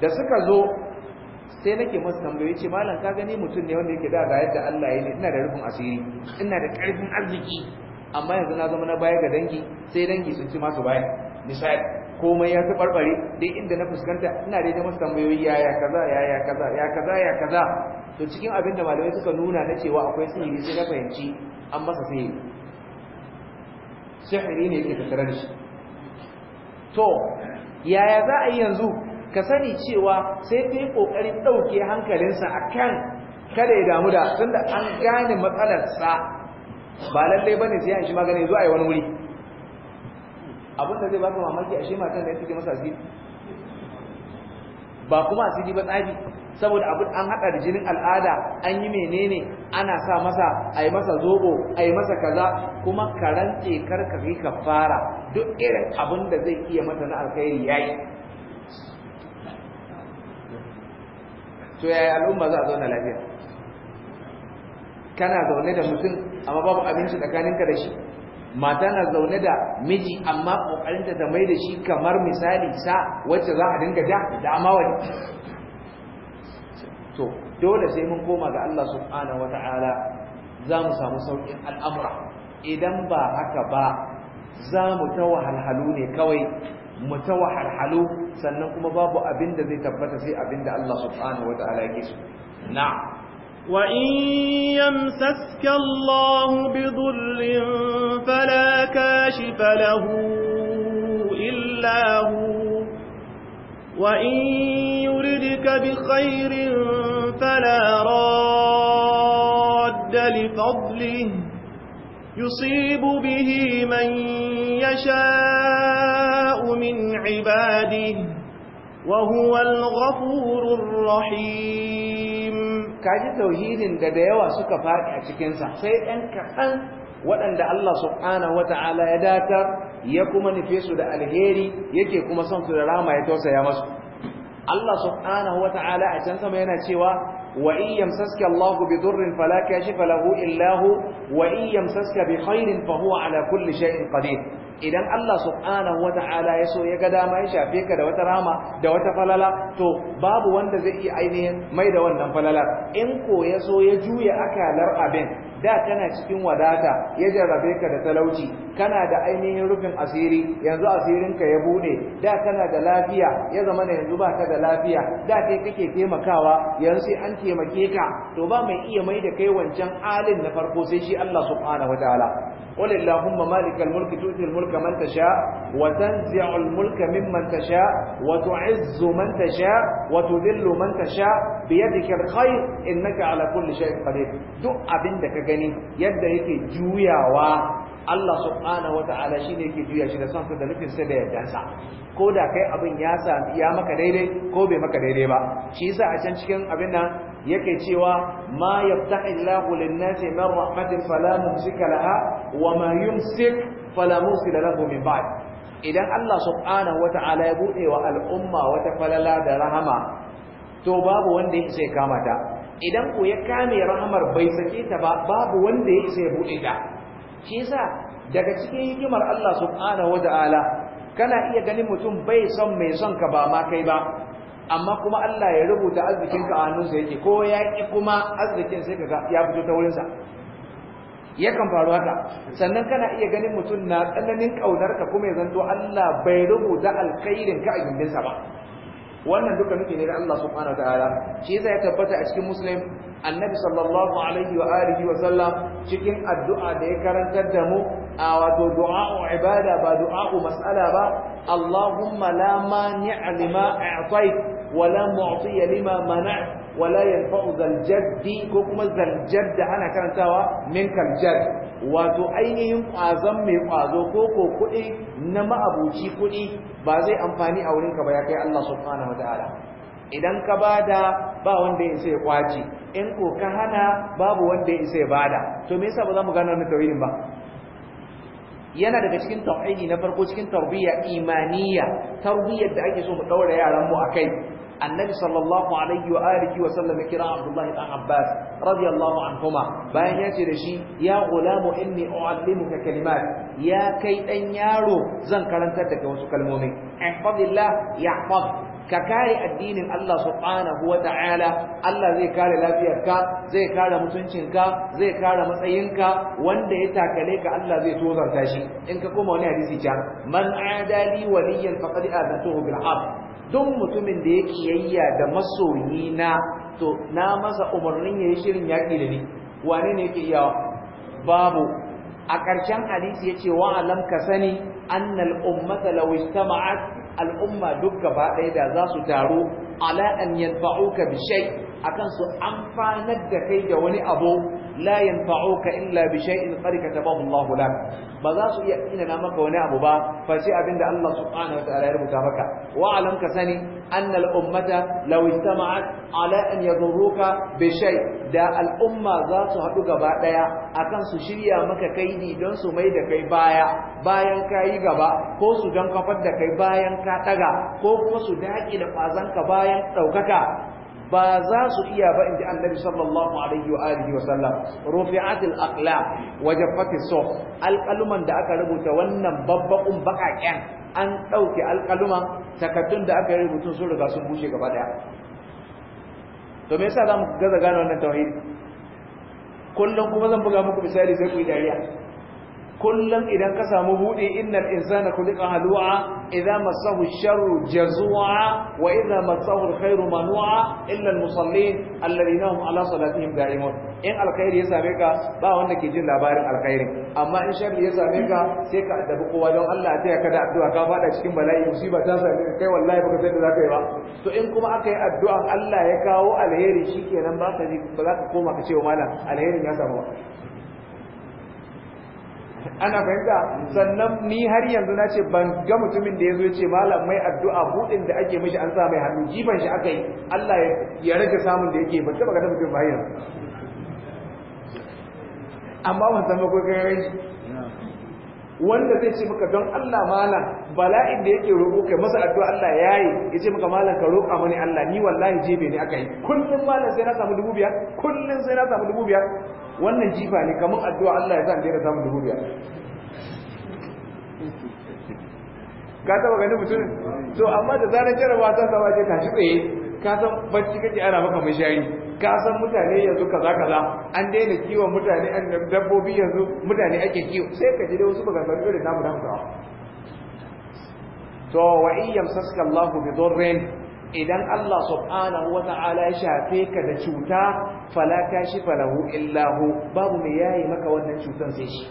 da suka zo sai nake masu tambaye ce malam ka gani mutum ne wanda yake da ga yadda Allah ya ne ina da rufin asiri ina da karfin arziki amma yanzu na zama na baya ga dangi sai dangi sun ci masu baya misali komai ya fi barbare dai inda na fuskanta ina da da masu tambayoyi ya kaza ya ya kaza ya kaza ya kaza to cikin abin da malamai suka nuna na cewa akwai sihiri sai na fahimci an masa sihiri sihiri ne yake tattare da shi to yaya za a yi yanzu ka sani cewa sai kai yi dauke ɗauke hankalinsa akan kada ya damu da tunda an gane matsalarsa ba lallai ba ne sai an shi magana zuwa zo a yi wani wuri abin da zai baka mamaki a shi matan da yake masa asiri ba kuma asiri ba tsafi saboda abin an haɗa da jinin al'ada an yi menene ana sa masa a masa zobo a masa kaza kuma ka rantse karka ka fara duk irin abin da zai iya masa na alkhairi ya yi to yaya al'umma za a zauna lafiya kana zaune da mutum amma babu abinci tsakaninka da shi mata na zaune da miji amma kokarinta ta mai da shi kamar misali sa wacce za a dinga da da amawali to dole sai mun koma ga Allah subhanahu wataala za mu samu saukin al'amura idan ba haka ba za mu ta wahalhalu ne kawai mu ta wahalhalu sannan kuma babu abin da zai tabbata sai abin da Allah subhanahu wataala yake so na'am وَإِن يَمْسَسْكَ اللَّهُ بِضُرٍّ فَلَا كَاشِفَ لَهُ إِلَّا هُوَ وَإِن يُرِدْكَ بِخَيْرٍ فَلَا رَادَّ لِفَضْلِهِ يُصِيبُ بِهِ مَن يَشَاءُ مِنْ عِبَادِهِ وَهُوَ الْغَفُورُ الرَّحِيمُ kaji tauhidin da da yawa suka faɗi a cikinsa sai ɗan kaɗan waɗanda Allah subhanahu wata'ala ya datar ya kuma nufe su da alheri yake kuma son su da rama ya tausaya masu Allah subhanahu a can sama yana cewa wa in yamsaska Allah bi durrin fala kashifa lahu illa hu wa in yamsaska bi khairin fa huwa ala kulli shay'in qadir idan Allah subhanahu ta'ala ya so ya ga dama ya shafe ka da wata rama da wata falala to babu wanda zai iya ainihin mai da wannan falalar in ko ya so ya juya akalar abin da kana cikin wadata ya jarrabe ka da talauci kana da ainihin rufin asiri yanzu asirinka ya bude da kana da lafiya ya zama na yanzu baka da lafiya da kai kake taimakawa yanzu sai an taimake ka to ba mai iya mai da kai wancan alin na farko sai shi Allah subhanahu wataala قل اللهم مالك الملك تؤتي الملك من تشاء وتنزع الملك ممن تشاء وتعز من تشاء وتذل من تشاء بيدك الخير انك على كل شيء قدير duk abinda ka kaga gani yadda yake juyawa Allah subhanahu wata'ala shine yake juya shi da son da nufin sa da yardansa ko da kai abin ya sami ya maka daidai ko bai maka daidai ba shi yasa a can cikin abin nan yake cewa ma yaftahillahu lin-nasi min rahmatin fala mumsika laha wa ma yumsik fala mursila lahu min ba'd idan Allah subhanahu wata'ala ya bude wa al'umma wata falala da rahama to babu wanda ya kama ta idan ku ya kame rahamar bai sake ta ba babu wanda ya isa ya bude ta shi yasa daga cikin hikimar Allah subhanahu ta'ala kana iya ganin mutum bai son mai son ka ba ma kai ba amma kuma Allah ya rubuta arzikin ka a hannunsa yake ko ya ki kuma arzikin sai ga ya fito ta wurinsa yakan faru haka sannan kana iya ganin mutum na tsananin kaunar ka kuma ya zanto Allah bai rubuta alkhairin ka a gindinsa ba wannan duka nufi ne da Allah subhanahu shi yasa ya tabbata a cikin muslim annabi sallallahu alaihi wa alihi wa sallam cikin addu'a da ya karantar da mu a wato du'a'u ibada ba du'a'u mas'ala ba Allahumma la mani'a lima a'tait wa la mu'tiya lima mana' wa la yanfa'u zal jaddi ko kuma zal jadd ana karantawa min kal jadd wato ainihin ƙwazon mai ƙwazo ko ko kuɗi na ma'abuci kuɗi ba zai amfani a wurinka ba ya kai Allah subhanahu wa ta'ala idan ka bada ba wanda ya sai kwaci in ko ka hana babu wanda ya sai bada to me yasa ba za mu gano wannan tawhidin ba yana daga cikin tauhidi na farko cikin tarbiyya imaniya tarbiyyar da ake so mu daura yaran mu akai annabi sallallahu alaihi wa alihi wa sallam ya kira abdullah ibn abbas radiyallahu anhuma bayan ya ce da shi ya gulamu inni uallimuka kalimat ya kai dan yaro zan karantar da kai wasu kalmomi ihfazillah yahfaz ka kare addinin Allah subhanahu wa ta'ala Allah zai kare lafiyarka zai kare mutuncinka zai kare matsayinka wanda ya takale ka Allah zai tozarta shi in ka koma wani hadisi can man adali waliyan faqad azantuhu bil haq duk mutumin da ya kiyayya da masoyi na to na masa umarnin ya yi shirin yaƙi da ni wane ne yake iyawa babu a ƙarshen hadisi ya ce wa alam ka sani An ummata law istama'at al'umma duk gaba ɗaya da za su taru ala an yanfa'uka bi shay akan su amfanar da kai da wani abu la yanfa'uka illa bi shay'in qad katabahu Allah lak ba za su iya inana maka wani abu ba face abinda Allah subhanahu wa ta'ala ya rubuta maka wa alam ka sani anna al ummata law istama'at ala an yadurruka bi shay da al umma za su hadu gaba daya akan su shirya maka ni don su mai da kai baya bayan kayi gaba ko su don kafar da kai bayan ka daga ko kuma su daƙi da kwazanka bayan ɗaukaka ba za su iya ba inda annabi sallallahu alaihi wa alihi wa sallam rufi'atil aqlam wa jaffatis suf alqaluman da aka rubuta wannan babbakun bakaken an dauke alqaluman takaddun da aka rubuta sun riga sun bushe gaba daya to me yasa zamu gaza gane wannan tauhid kullum kuma zan buga muku misali sai ku yi dariya kullum idan ka samu buɗe innal insana khuliqa halu'a idza massahu sharru jazua wa idza massahu alkhairu manua illa almusallin alladhina hum ala salatihim da'imun in alkhairi ya same ka ba wanda ke jin labarin alkhairin amma in sharri ya same ka sai ka addabi kowa don Allah ya ka da addu'a ka fada cikin bala'i musiba ta same kai wallahi baka san da zaka yi ba to in kuma aka yi addu'a Allah ya kawo alheri shikenan ba ka ji ba za ka koma ka ce wa malam alherin ya samu ana fahimta sannan ni har yanzu na ce ban ga mutumin da ya zo ce malam mai addu'a buɗin da ake mishi an sa mai hannu jifan shi aka yi Allah ya rage samun da yake ban taɓa ga mutum ba yanzu amma ban san ko kai rai. wanda zai ce maka don Allah malam bala'in da yake roƙo kai masa addu'a Allah yayi ya ce maka malam ka roƙa mani Allah ni wallahi jibe ne aka yi kullum malam sai na samu dubu biyar kullum sai na samu dubu biyar wannan jifa ne kamar addu'a Allah ya sa da samun dubu biyar ka taba gani mutumin to amma da zanen jarabawa ta sama ce tashi tsaye ka san bacci kake ana maka shayi, ka san mutane yanzu kaza kaza an daina kiwon mutane an dabbobi yanzu mutane ake kiwo sai ka ji da wasu maganganu irin namu namu to wa in yamsaska Allahu bi dhurrin idan Allah subhanahu wata'ala ya shafe ka da cuta fala kashifa lahu illa babu mai yayi maka wannan cutan sai shi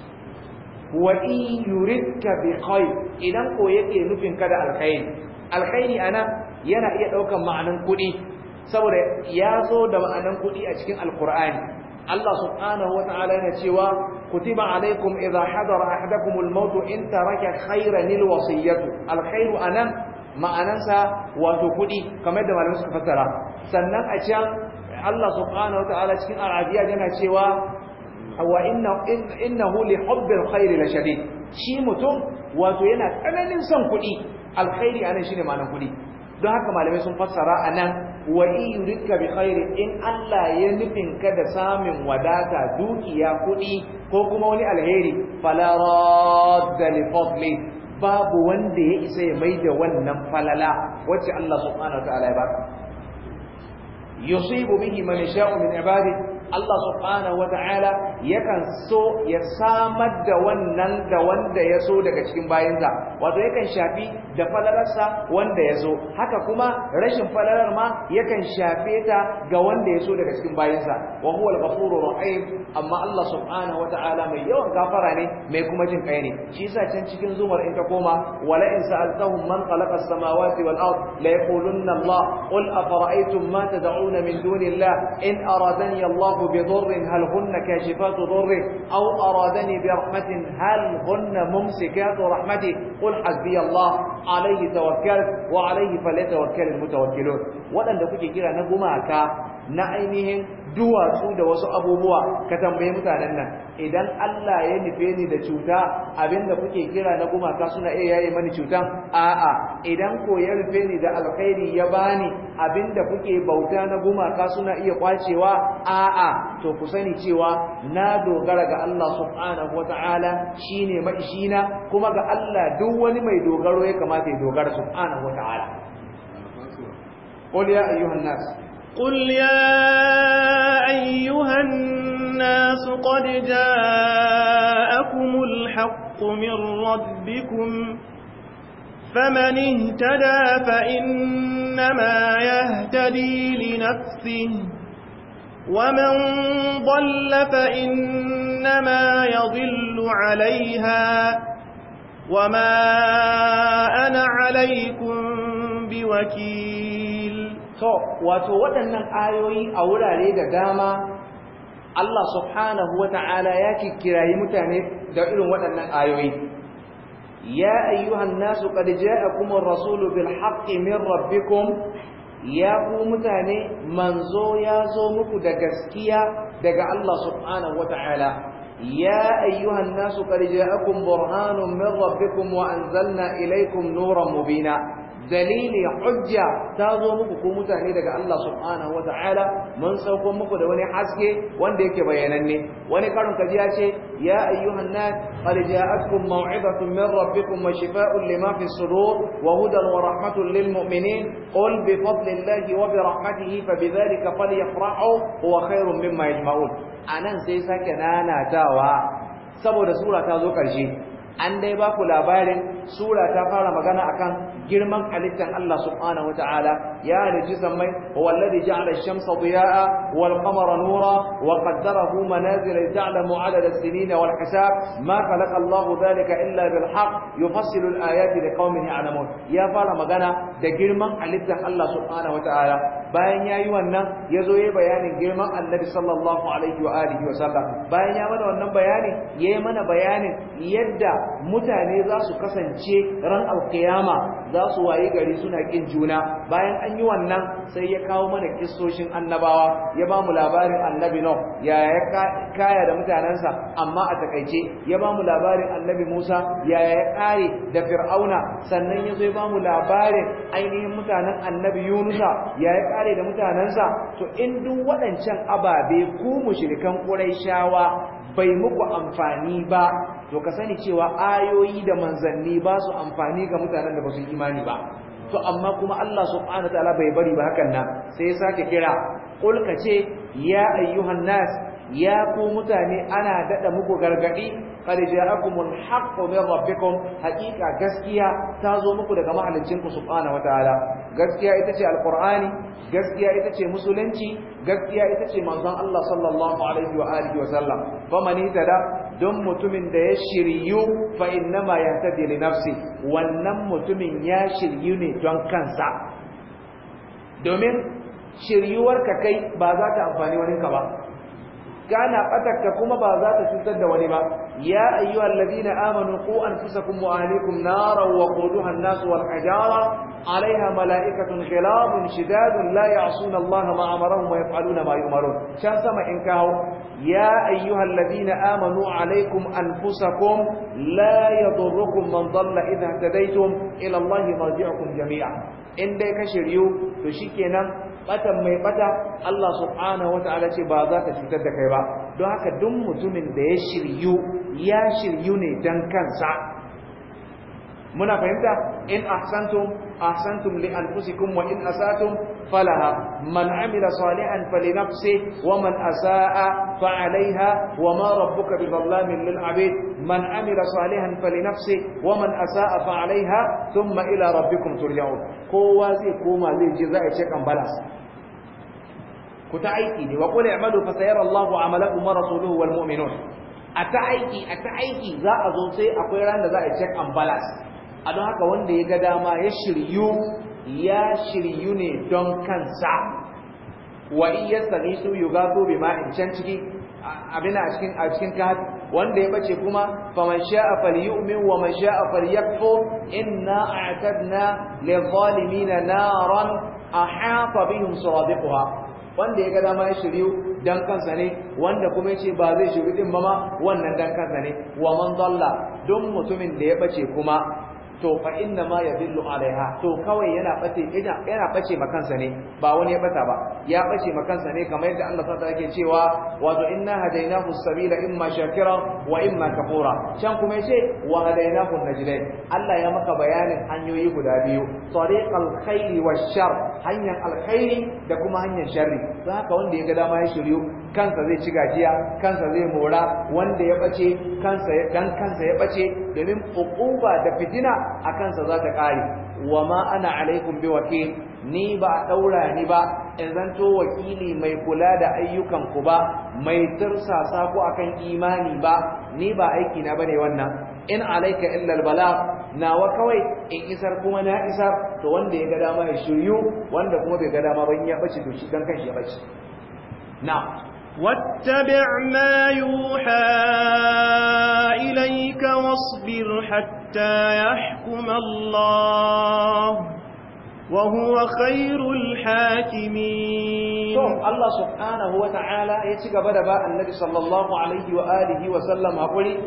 wa in yuridka bi idan ko yake nufin ka da alkhairi alkhairi anan yana iya daukan ma'anan kudi saboda ya zo da ma'anan kudi a cikin alqur'ani Allah subhanahu ta'ala yana cewa kutiba alaikum idha hadara ahadakum al in taraka khayran al-wasiyyah al anan ma'anansa wato kuɗi kamar da malamai suka fassara sannan a can Allah subhanahu wataala cikin al'adiyya yana cewa wa innahu li hubbil khairi la shadid shi mutum wato yana tsananin son kuɗi alkhairi anan shine ma'anar kuɗi don haka malamai sun fassara anan wa yuridka bi khairi in Allah ya nufin ka da samun wadata dukiya kuɗi ko kuma wani alheri fala radda li fadli babu wanda ya isa ya mai da wannan falala wacce Allah subhanahu wa ta'ala ya baka yusibu bihi man yasha'u min ibadi Allah subhanahu wa ta'ala yakan so ya samar da wannan da wanda ya so daga cikin bayinsa wato yakan shafi da falalarsa wanda ya zo haka kuma rashin falalar ma yakan shafe ta ga wanda ya so daga cikin bayansa wa huwa al-ghafurur rahim amma Allah subhanahu ta'ala mai yawan gafara ne mai kuma jin kai ne shi yasa can cikin zumar in ta koma wala in sa'altahum man khalaqa as-samawati wal ard la yaqulunna Allah qul afara'aytum ma tad'una min duni Allah in aradani Allah bi dhurrin hal hunna kashifatu dhurri aw aradani bi rahmatin hal hunna mumsikatu rahmati qul hasbiyallah alaihi tawakkal wa alaihi falyatawakkal almutawakkilun wadanda kuke kira na gumaka na ainihin duwatsu da wasu abubuwa ka tambaye mutanen nan idan Allah ya nufe ni da cuta abinda kuke kira na gumaka suna iya yaye mani cutan a'a idan ko ya rufe ni da alkhairi ya bani abinda kuke bauta na gumaka suna iya kwacewa a'a to ku sani cewa na dogara ga Allah subhanahu wata'ala shine maishina kuma ga Allah duk wani mai dogaro ya kamata ya dogara subhanahu wata'ala قل يا أيها الناس قل يا أيها الناس قد جاءكم الحق من ربكم فمن اهتدى فإنما يهتدي لنفسه ومن ضل فإنما يضل عليها وما أنا عليكم بوكيل to wato waɗannan ayoyi a wurare da dama Allah subhanahu wa ta'ala ya kirayi mutane da irin waɗannan ayoyi ya ayyuhan nasu qad ja'akum ar-rasulu bil haqqi min rabbikum ya ku mutane manzo ya zo muku da gaskiya daga Allah subhanahu wa ta'ala يا أيها الناس قد جاءكم برهان من ربكم وأنزلنا إليكم نورا مبينا dalili hujja ta zo muku ko mutane daga Allah subhanahu wata'ala mun sauko muku da wani haske wanda yake bayananne wani karin kaji ya ce ya ayyuhan nas qad ja'atkum maw'izatun min rabbikum wa shifaa'un lima fi sudur wa hudan wa rahmatun lil mu'minin qul bi fadlillahi wa bi rahmatihi fabidhalika falyafrahu huwa khairun mimma yajma'un anan sai sake nanatawa saboda sura ta zo karshe an dai ba ku labarin sura ta fara magana akan girman halittar Allah subhanahu wa ta'ala ya nuji sammai wa wallazi ja'ala ash-shamsa diya'a wal qamara nura wa qaddarahu manazila ta'lamu 'adada as-sinina wal hisab ma khalaqa Allah dhalika illa bil haqq yufassilu al-ayati liqaumin ya'lamun ya fara magana da girman halittar Allah subhanahu wa ta'ala bayan yayi wannan yazo yayi bayanin girman Annabi sallallahu alaihi wa alihi wa sallam bayan ya mana wannan bayani yayi mana bayanin yadda mutane za su kasance ran alkiyama za su waye gari suna ƙin juna bayan an yi wannan sai ya kawo mana kissoshin annabawa ya ba mu labarin annabi Nuh ya ya kaya da mutanensa amma a takaice ya ba mu labarin annabi Musa ya ya kare da Fir'auna sannan ya zo ya ba mu labarin ainihin mutanen annabi Yunusa ya ya kare da mutanensa to in duk waɗancan ababe ku mushrikan Qurayshawa bai muku amfani ba to ka sani cewa ayoyi da manzanni ba su amfani ga mutanen da ba su imani ba to amma kuma Allah subhanahu wataala bai bari ba hakan nan sai ya sake kira qul ka ce ya ayyuhan nas ya ku mutane ana dada muku gargadi qadija'akumul haqqu min rabbikum haqiqa gaskiya ta zo muku daga mahallincinku subhanahu wataala gaskiya ita ce alqur'ani gaskiya ita ce musulunci gaskiya ita ce manzon Allah sallallahu alaihi wa alihi wa mutumin da ya shiryu fa innama yantadi li nafsi wannan mutumin ya shiryu ne don kansa domin shiryuwar ka kai ba za ta amfani wani ka ba kana batakka kuma ba za ta cutar da wani ba ya ayyuhal ladina amanu qu anfusakum wa ahlikum nara wa quduha an-nas wal hijara alaiha malaikatun ghilabun shidadun la ya'suna Allah ma amarahum wa yaf'aluna ma yu'marun can sama in kawo ya ayyuhal ladina amanu alaikum anfusakum la yadurrukum man dalla idha tadaytum ila Allah marji'ukum jami'a in dai ka shiryu to shikenan batan mai bata Allah subhanahu wataala ce ba za ta fitar da kai ba don haka duk mutumin da ya shiryu ya shiryu ne dan kansa muna fahimta in ahsantum ahsantum li anfusikum wa in asatum falaha man amila salihan fali nafsi wa man asaa fa alaiha wa ma rabbuka bi dhallamin lil abid man amila salihan fali nafsi wa man asaa fa alaiha thumma ila rabbikum turja'un kowa zai koma zai ji za a ce kan balas ku ta aiki ne wa qul i'malu fa sayara Allahu amalakum wa rasuluhu wal mu'minun a ta aiki a ta aiki za a zo sai akwai ran da za a check and balance a don haka wanda ya ga dama ya shiryu ya shiryu ne don kansa wa in yastanisu yugathu bima'in can ciki abin a cikin a cikin kahf wanda ya bace kuma a sha'a falyu'min wa man sha'a falyakfur inna a'tadna lidh-dhalimina naran ahata bihim suradiquha wanda ya ga dama ya shiryu dan kansa ne wanda kuma yace ba zai shiryu din ba ma wannan dan kansa ne wa man dalla don mutumin da ya bace kuma to fa inna ma yadillu alaiha to kawai yana bace ina yana bace makansa ne ba wani ya bata ba ya bace makansa ne kamar yadda Allah ta yake cewa wato inna hadainahu sabila imma shakira wa imma kafura can kuma yace wa hadainahu najdain Allah ya maka bayanin hanyoyi guda biyu tariqal khairi wash shar hanyar alkhairi da kuma hanyar sharri don haka wanda ya ga dama ya shiryu kansa zai ci gajiya kansa zai mora wanda ya bace kansa dan kansa ya bace domin uquba da fitina a kansa za ta kare wa ma ana alaikum bi wakil ni ba a daura ni ba in zanto wakili mai kula da ayyukan ku ba mai tursasa ku akan imani ba ni ba aiki na bane wannan in alaika illa albala nawa kawai in isar kuma na isar to wanda ya ga dama ya shiryu wanda kuma bai ga dama ba in ya bace to shi dan kanshi ya bace na واتبع ما يوحى إليك واصبر حتى يحكم الله وهو خير الحاكمين الله سبحانه وتعالى يتقى بدباء النبي صلى الله عليه وآله وسلم أقولي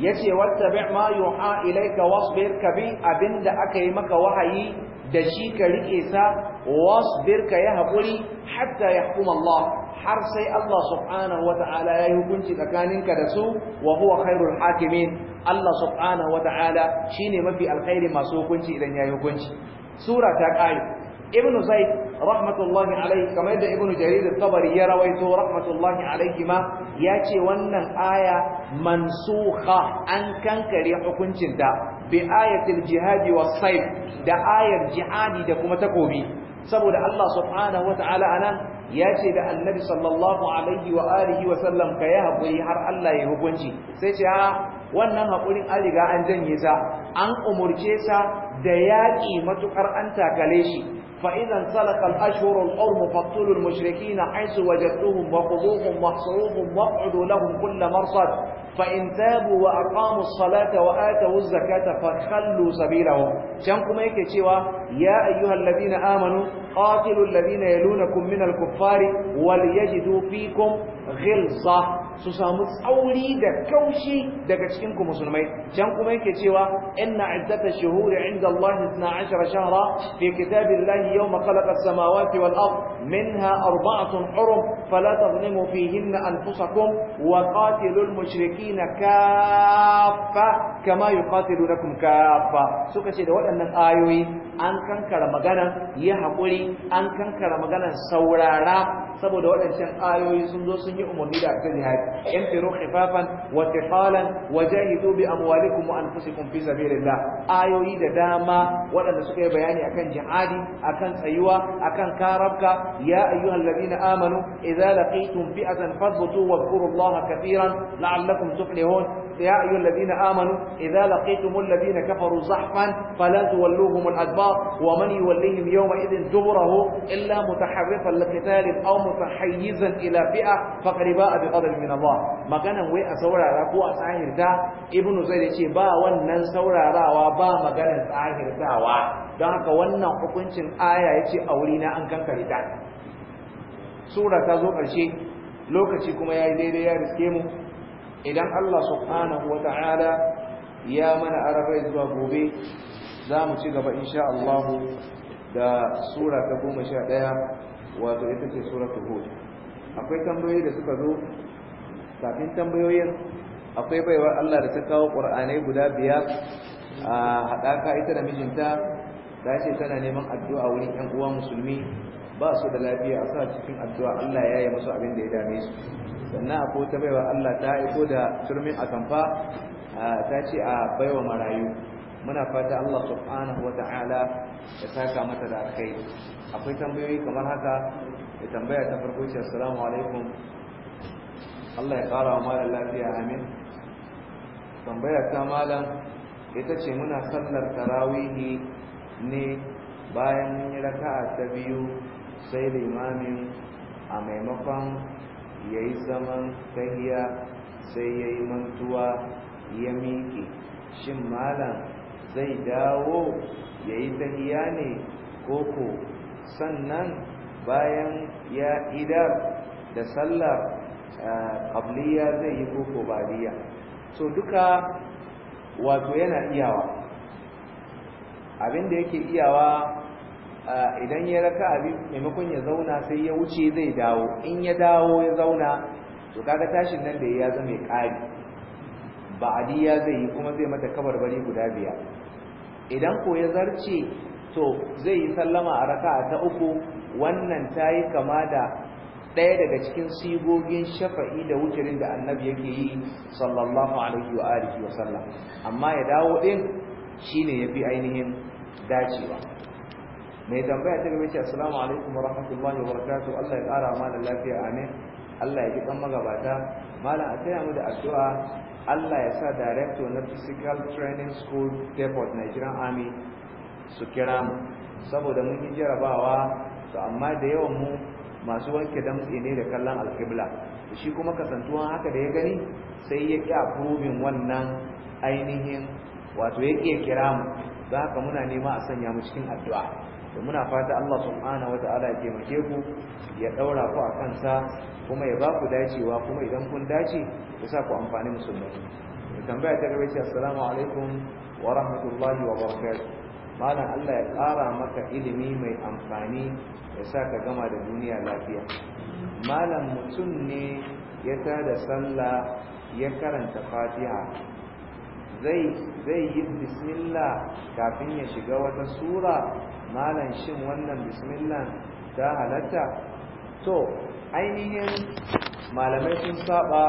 yace wattabi ma yuha ilayka wasbir kabi abinda aka yi maka wahayi da shi ka rike sa wasbir ka yi hakuri hatta yahkum Allah har sai Allah subhanahu wata'ala ya yi hukunci tsakaninka da su wa huwa khairul hakimin Allah subhanahu wata'ala shine mafi alkhairi masu hukunci idan ya yi hukunci sura ta kai ibnu zaid rahmatullahi alayhi kamar da ibnu jarir at-tabari ya rawaito rahmatullahi alayhi ma yace wannan aya mansukha an kankare hukuncinta bi ayatil jihadi was sayf da ayar jihadi da kuma takobi saboda Allah subhanahu wata'ala anan ya ce da annabi sallallahu alaihi wa alihi wa sallam ka yi haƙuri har Allah ya hukunci sai ce a wannan haƙurin an riga an janye sa an umurce sa da yaƙi matuƙar an takale shi fa idan salaka al-ashhur al-hurm faqtulul mushrikeena haythu wajadtuhum wa quduhum wahsuruhum waq'udu lahum kull marsad فإن تابوا وأقاموا الصلاة وآتوا الزكاة فخلوا سبيلهم شانكم يكي تشوى يا أيها الذين آمنوا قاتلوا الذين يلونكم من الكفار وليجدوا فيكم غلظة su samu tsauri da kaushi daga cikin ku musulmai can kuma yake cewa inna iddata shuhuri inda Allah 12 shahra fi kitabillahi yawma khalaqa as-samawati wal ard minha arba'atun hurum fala tadhlimu fihinna anfusakum wa qatilul mushrikeena kaffa kama yuqatilunakum kaffa suka ce da waɗannan ayoyi an kankara magana yi haƙuri an kankara magana saurara saboda waɗancan ayoyi sun zo sun yi umarni da aka jihadi in firu khifafan wa tiqalan wa jahidu bi amwalikum wa anfusikum fi sabilillah ayoyi da dama waɗanda suka yi bayani akan jihadi akan tsayuwa akan karabka ya ayyuhalladhina amanu idza laqitum fi'atan fadbutu wa dhkurullaha katiran la'allakum tuflihun يا أيها الذين آمنوا إذا لقيتم الذين كفروا زحفا فلا تولوهم الأدبار ومن يوليهم يومئذ دبره إلا متحرفا لقتال أو متحيزا إلى فئة فقد باء بغضب من الله ما كان وي أسورا ركوع ساهر دا ابن زيد يقول با ونن سورا راوا با مغانا ساهر داوا don haka wannan hukuncin aya ya ce a wurina an kankare ta sura ta zo ƙarshe lokaci kuma ya yi daidai ya riske mu idan Allah subhanahu wa ta'ala ya mana arabai zuwa gobe za mu ci gaba insha Allah da sura ta goma sha ɗaya wato ita ce sura ta hudu akwai tambayoyi da suka zo kafin tambayoyin akwai baiwar Allah da ta kawo ƙur'anai guda biyar a haɗaka ita da mijinta ta ce tana neman addu'a wurin 'yan uwa musulmi ba su da lafiya a sa cikin addu'a Allah ya yi musu abin da ya dame su sannan a kota baiwa Allah ta aiko da turmin atamfa ta ce a baiwa marayu muna fata Allah subhanahu wata'ala ya saka mata da kai akwai tambayoyi kamar haka ya tambaya ta farko ce assalamu alaikum Allah ya kara wa malam lafiya amin tambaya ta malam ita ce muna sallar tarawihi ne bayan mun yi raka'a ta biyu sai limamin a maimakon ya yi zaman tahiya sai ya yi mantuwa ya miki. shin malam zai dawo ya yi tahiya ne koko sannan bayan ya idar da sallar ƙabliya zai yi koko bariya so duka wato yana iyawa abinda yake iyawa idan ya raka abin maimakon ya zauna sai ya wuce zai dawo in ya dawo ya zauna to kaga tashin nan da ya zama kari ba adiya zai yi kuma zai mata kabar bari guda biyar idan ko ya zarce to zai yi sallama a raka'a ta uku wannan ta yi kama da ɗaya daga cikin sigogin shafa'i da wucirin da annabi yake yi sallallahu alaihi wa alihi wa sallam amma ya dawo ɗin shine yafi ainihin dacewa mai tambaya ta gaba ce assalamu alaikum warahmatullahi wabarakatuh Allah ya kara mana lafiya amin Allah ya ji kan magabata malam a taya mu da addu'a Allah ya sa director na physical training school depot Nigerian army su kira mu saboda mun yi jarabawa to amma da yawan mu masu wanke damtse ne da kallon alkibla shi kuma kasantuwan haka da ya gani sai ya ƙi approving wannan ainihin wato ya ƙi kira mu don haka muna nema a sanya mu cikin addu'a da muna fata Allah subhanahu wata'ala ya taimake ku ya daura ku a kansa kuma ya ba ku dacewa kuma idan kun dace ku sa ku amfani musulmai tambaya ta gaba ce assalamu alaikum wa rahmatullahi wa barakatuh malam Allah ya ƙara maka ilimi mai amfani ya sa ka gama da duniya lafiya malam mutum ne ya ta da sallah ya karanta fatiha zai yi bismillah kafin ya shiga wata sura malam shin wannan bismillah ta halatta to ainihin malamai sun saba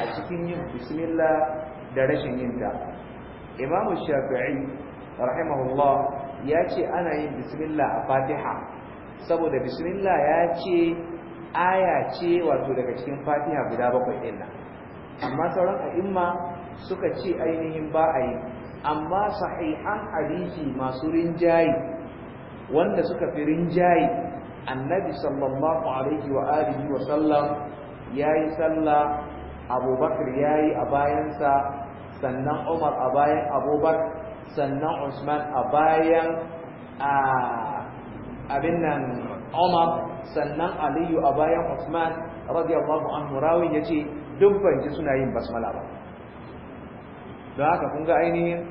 a cikin yin bismillah da rashin yin ta imam shafi'i rahimahullah ya ce ana yin bismillah a fatiha saboda bismillah ya ce aya ce wato daga cikin fatiha guda bakwai ɗin nan amma sauran a'imma suka ce ainihin ba a yi amma sahihan hadisi masu rinjaye wanda suka fi rinjaye annabi sallallahu alaihi wa alihi wa sallam yayi sallah abubakar yayi a bayansa sannan umar a bayan abubakar sannan usman a bayan abin nan umar sannan aliyu a bayan usman radiyallahu anhu rawin yace duk ban ji suna yin basmala ba don haka kun ga ainihin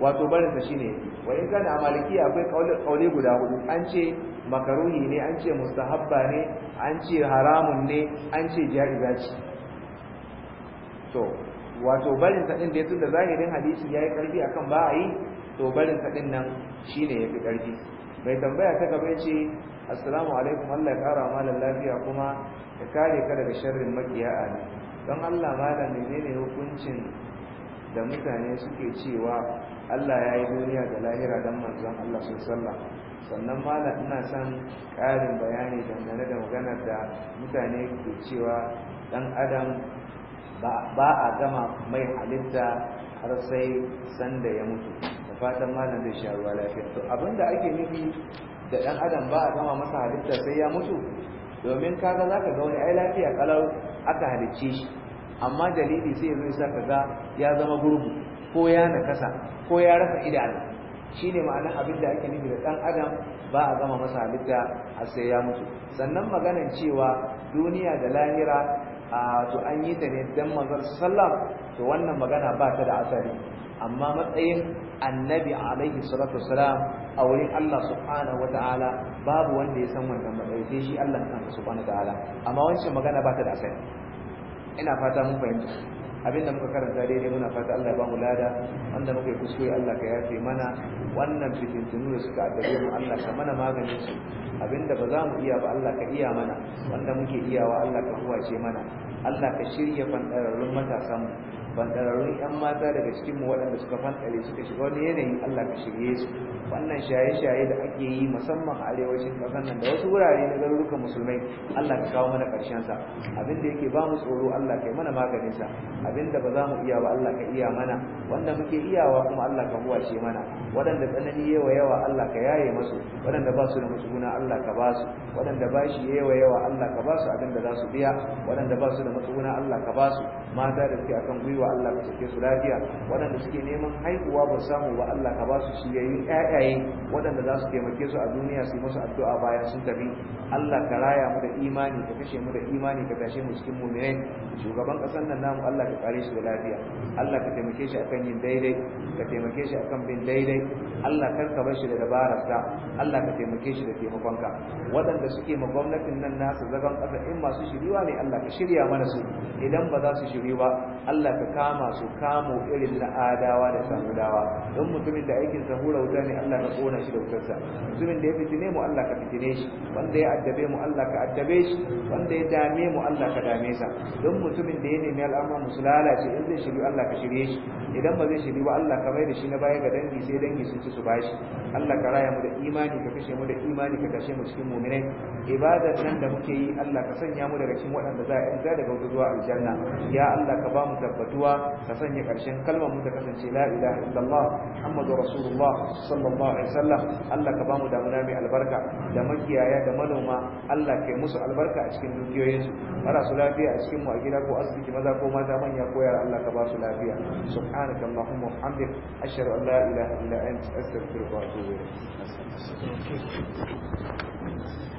wato barinsa shine wa in kana a maliki akwai kaule guda hudu an ce makaruhi ne an ce mustahabba ne an ce haramun ne an ce jaiza ce to wato barinsa din da ya tunda zahirin hadisi yayi karfi akan ba a yi to barinsa din nan shine yafi karfi Mai tambaya ta gaba ce assalamu alaikum Allah ya kara malan lafiya kuma ya kare ka daga sharrin makiya don Allah malam menene hukuncin da mutane suke cewa Allah ya yi duniya da lahira don manzon Allah sun salla sannan mala ina son ƙarin bayani dangane da maganar da mutane ke cewa ɗan adam ba a gama mai halitta har sai sanda ya mutu da fatan malam zai sha lafiya to abinda ake nufi da ɗan adam ba a gama masa halitta sai ya mutu domin kaga zaka ga wani ai lafiya kalau aka halicce shi amma dalili sai ya sa ga ya zama gurbu ko ya nakasa ko ya rasa idanu shine ma'anar abin da ake nufi da dan adam ba a gama masa halitta har sai ya mutu sannan maganan cewa duniya da lahira a to an yi ta ne dan manzon sallam to wannan magana ba ta da asali amma matsayin annabi alaihi salatu wassalam a wurin Allah subhanahu wataala babu wanda ya san wannan matsayi sai shi Allah kansa subhanahu wataala amma wancan magana ba ta da asali ina fata mun fahimta abinda muka karanta daidai muna fata Allah ya bamu lada wanda muka yi kuskure Allah ka yafe mana wannan fitintunu da suka addabe mu Allah ka mana maganin su abinda ba za mu iya ba Allah ka iya mana wanda muke iyawa Allah ka huwace mana Allah ka shirya fandararrun matasan mu fandararrun yan mata daga cikinmu mu waɗanda suka fandare suka shiga wani yanayin Allah ka shirye su wannan shaye-shaye da ake yi musamman a arewacin ƙasar nan da wasu wurare na garurukan musulmai Allah ka kawo mana ƙarshen sa abin da yake ba mu tsoro Allah ka yi mana maganin sa abin da ba za mu iya ba Allah ka iya mana wanda muke iyawa kuma Allah ka huwace mana waɗanda tsanani yawa yawa Allah ka yaye masu waɗanda ba su da matsuguna Allah ka ba su waɗanda ba shi yawa yawa Allah ka ba su abin da za su biya waɗanda ba su da matsuguna Allah ka ba su mata da suke akan gwiwa wa Allah ka sake su lafiya waɗanda suke neman haihuwa ba samu ba Allah ka ba su shiryayyu ƴaƴaye waɗanda za su taimake su a duniya su musu addu'a bayan sun tafi Allah ka raya mu da imani ka kashe mu da imani ka tashe mu cikin mu'minai shugaban ƙasar nan namu Allah ka kare shi da lafiya Allah ka taimake shi akan yin daidai ka taimake shi akan bin daidai Allah kar ka bar shi da dabararsa Allah ka taimake shi da taimakonka waɗanda suke ma gwamnatin nan nasu zagon ƙasa in masu shiriwa ne Allah ka shirya mana su idan ba za su shiri ba Allah ka kama su kamo irin na adawa da samudawa don mutumin da aikin sa hura wuta ne Allah ka kona shi da wutarsa mutumin da ya fitine mu Allah ka fitine shi wanda ya addabe mu Allah ka addabe shi wanda ya dame mu Allah ka dame sa don mutumin da ya nemi al'amuran musu lalace in zai shiri Allah ka shirye shi idan ba zai shiri ba Allah ka mai da shi na baya ga dangi sai dangi sun ci su bashi Allah ka raya mu da imani ka kashe mu da imani ka kashe mu cikin mu'minai ibadar nan da muke yi Allah ka sanya mu daga cikin waɗanda za a yi daga wuta zuwa aljanna ya Allah ka ba mu tabbatuwa ka sanya ƙarshen kalmar mu ta kasance la ilaha illallah Muhammadu rasulullah sallallahu alaihi wasallam Allah ka ba mu damuna mai albarka da makiyaya da manoma Allah ka yi musu albarka a cikin dukiyoyinsu marasu lafiya a cikin mu a gida ko asibiti maza ko mata manya ko yara Allah ka ba su lafiya subhanaka wa bihamdik ashhadu an la ilaha illa anta effective through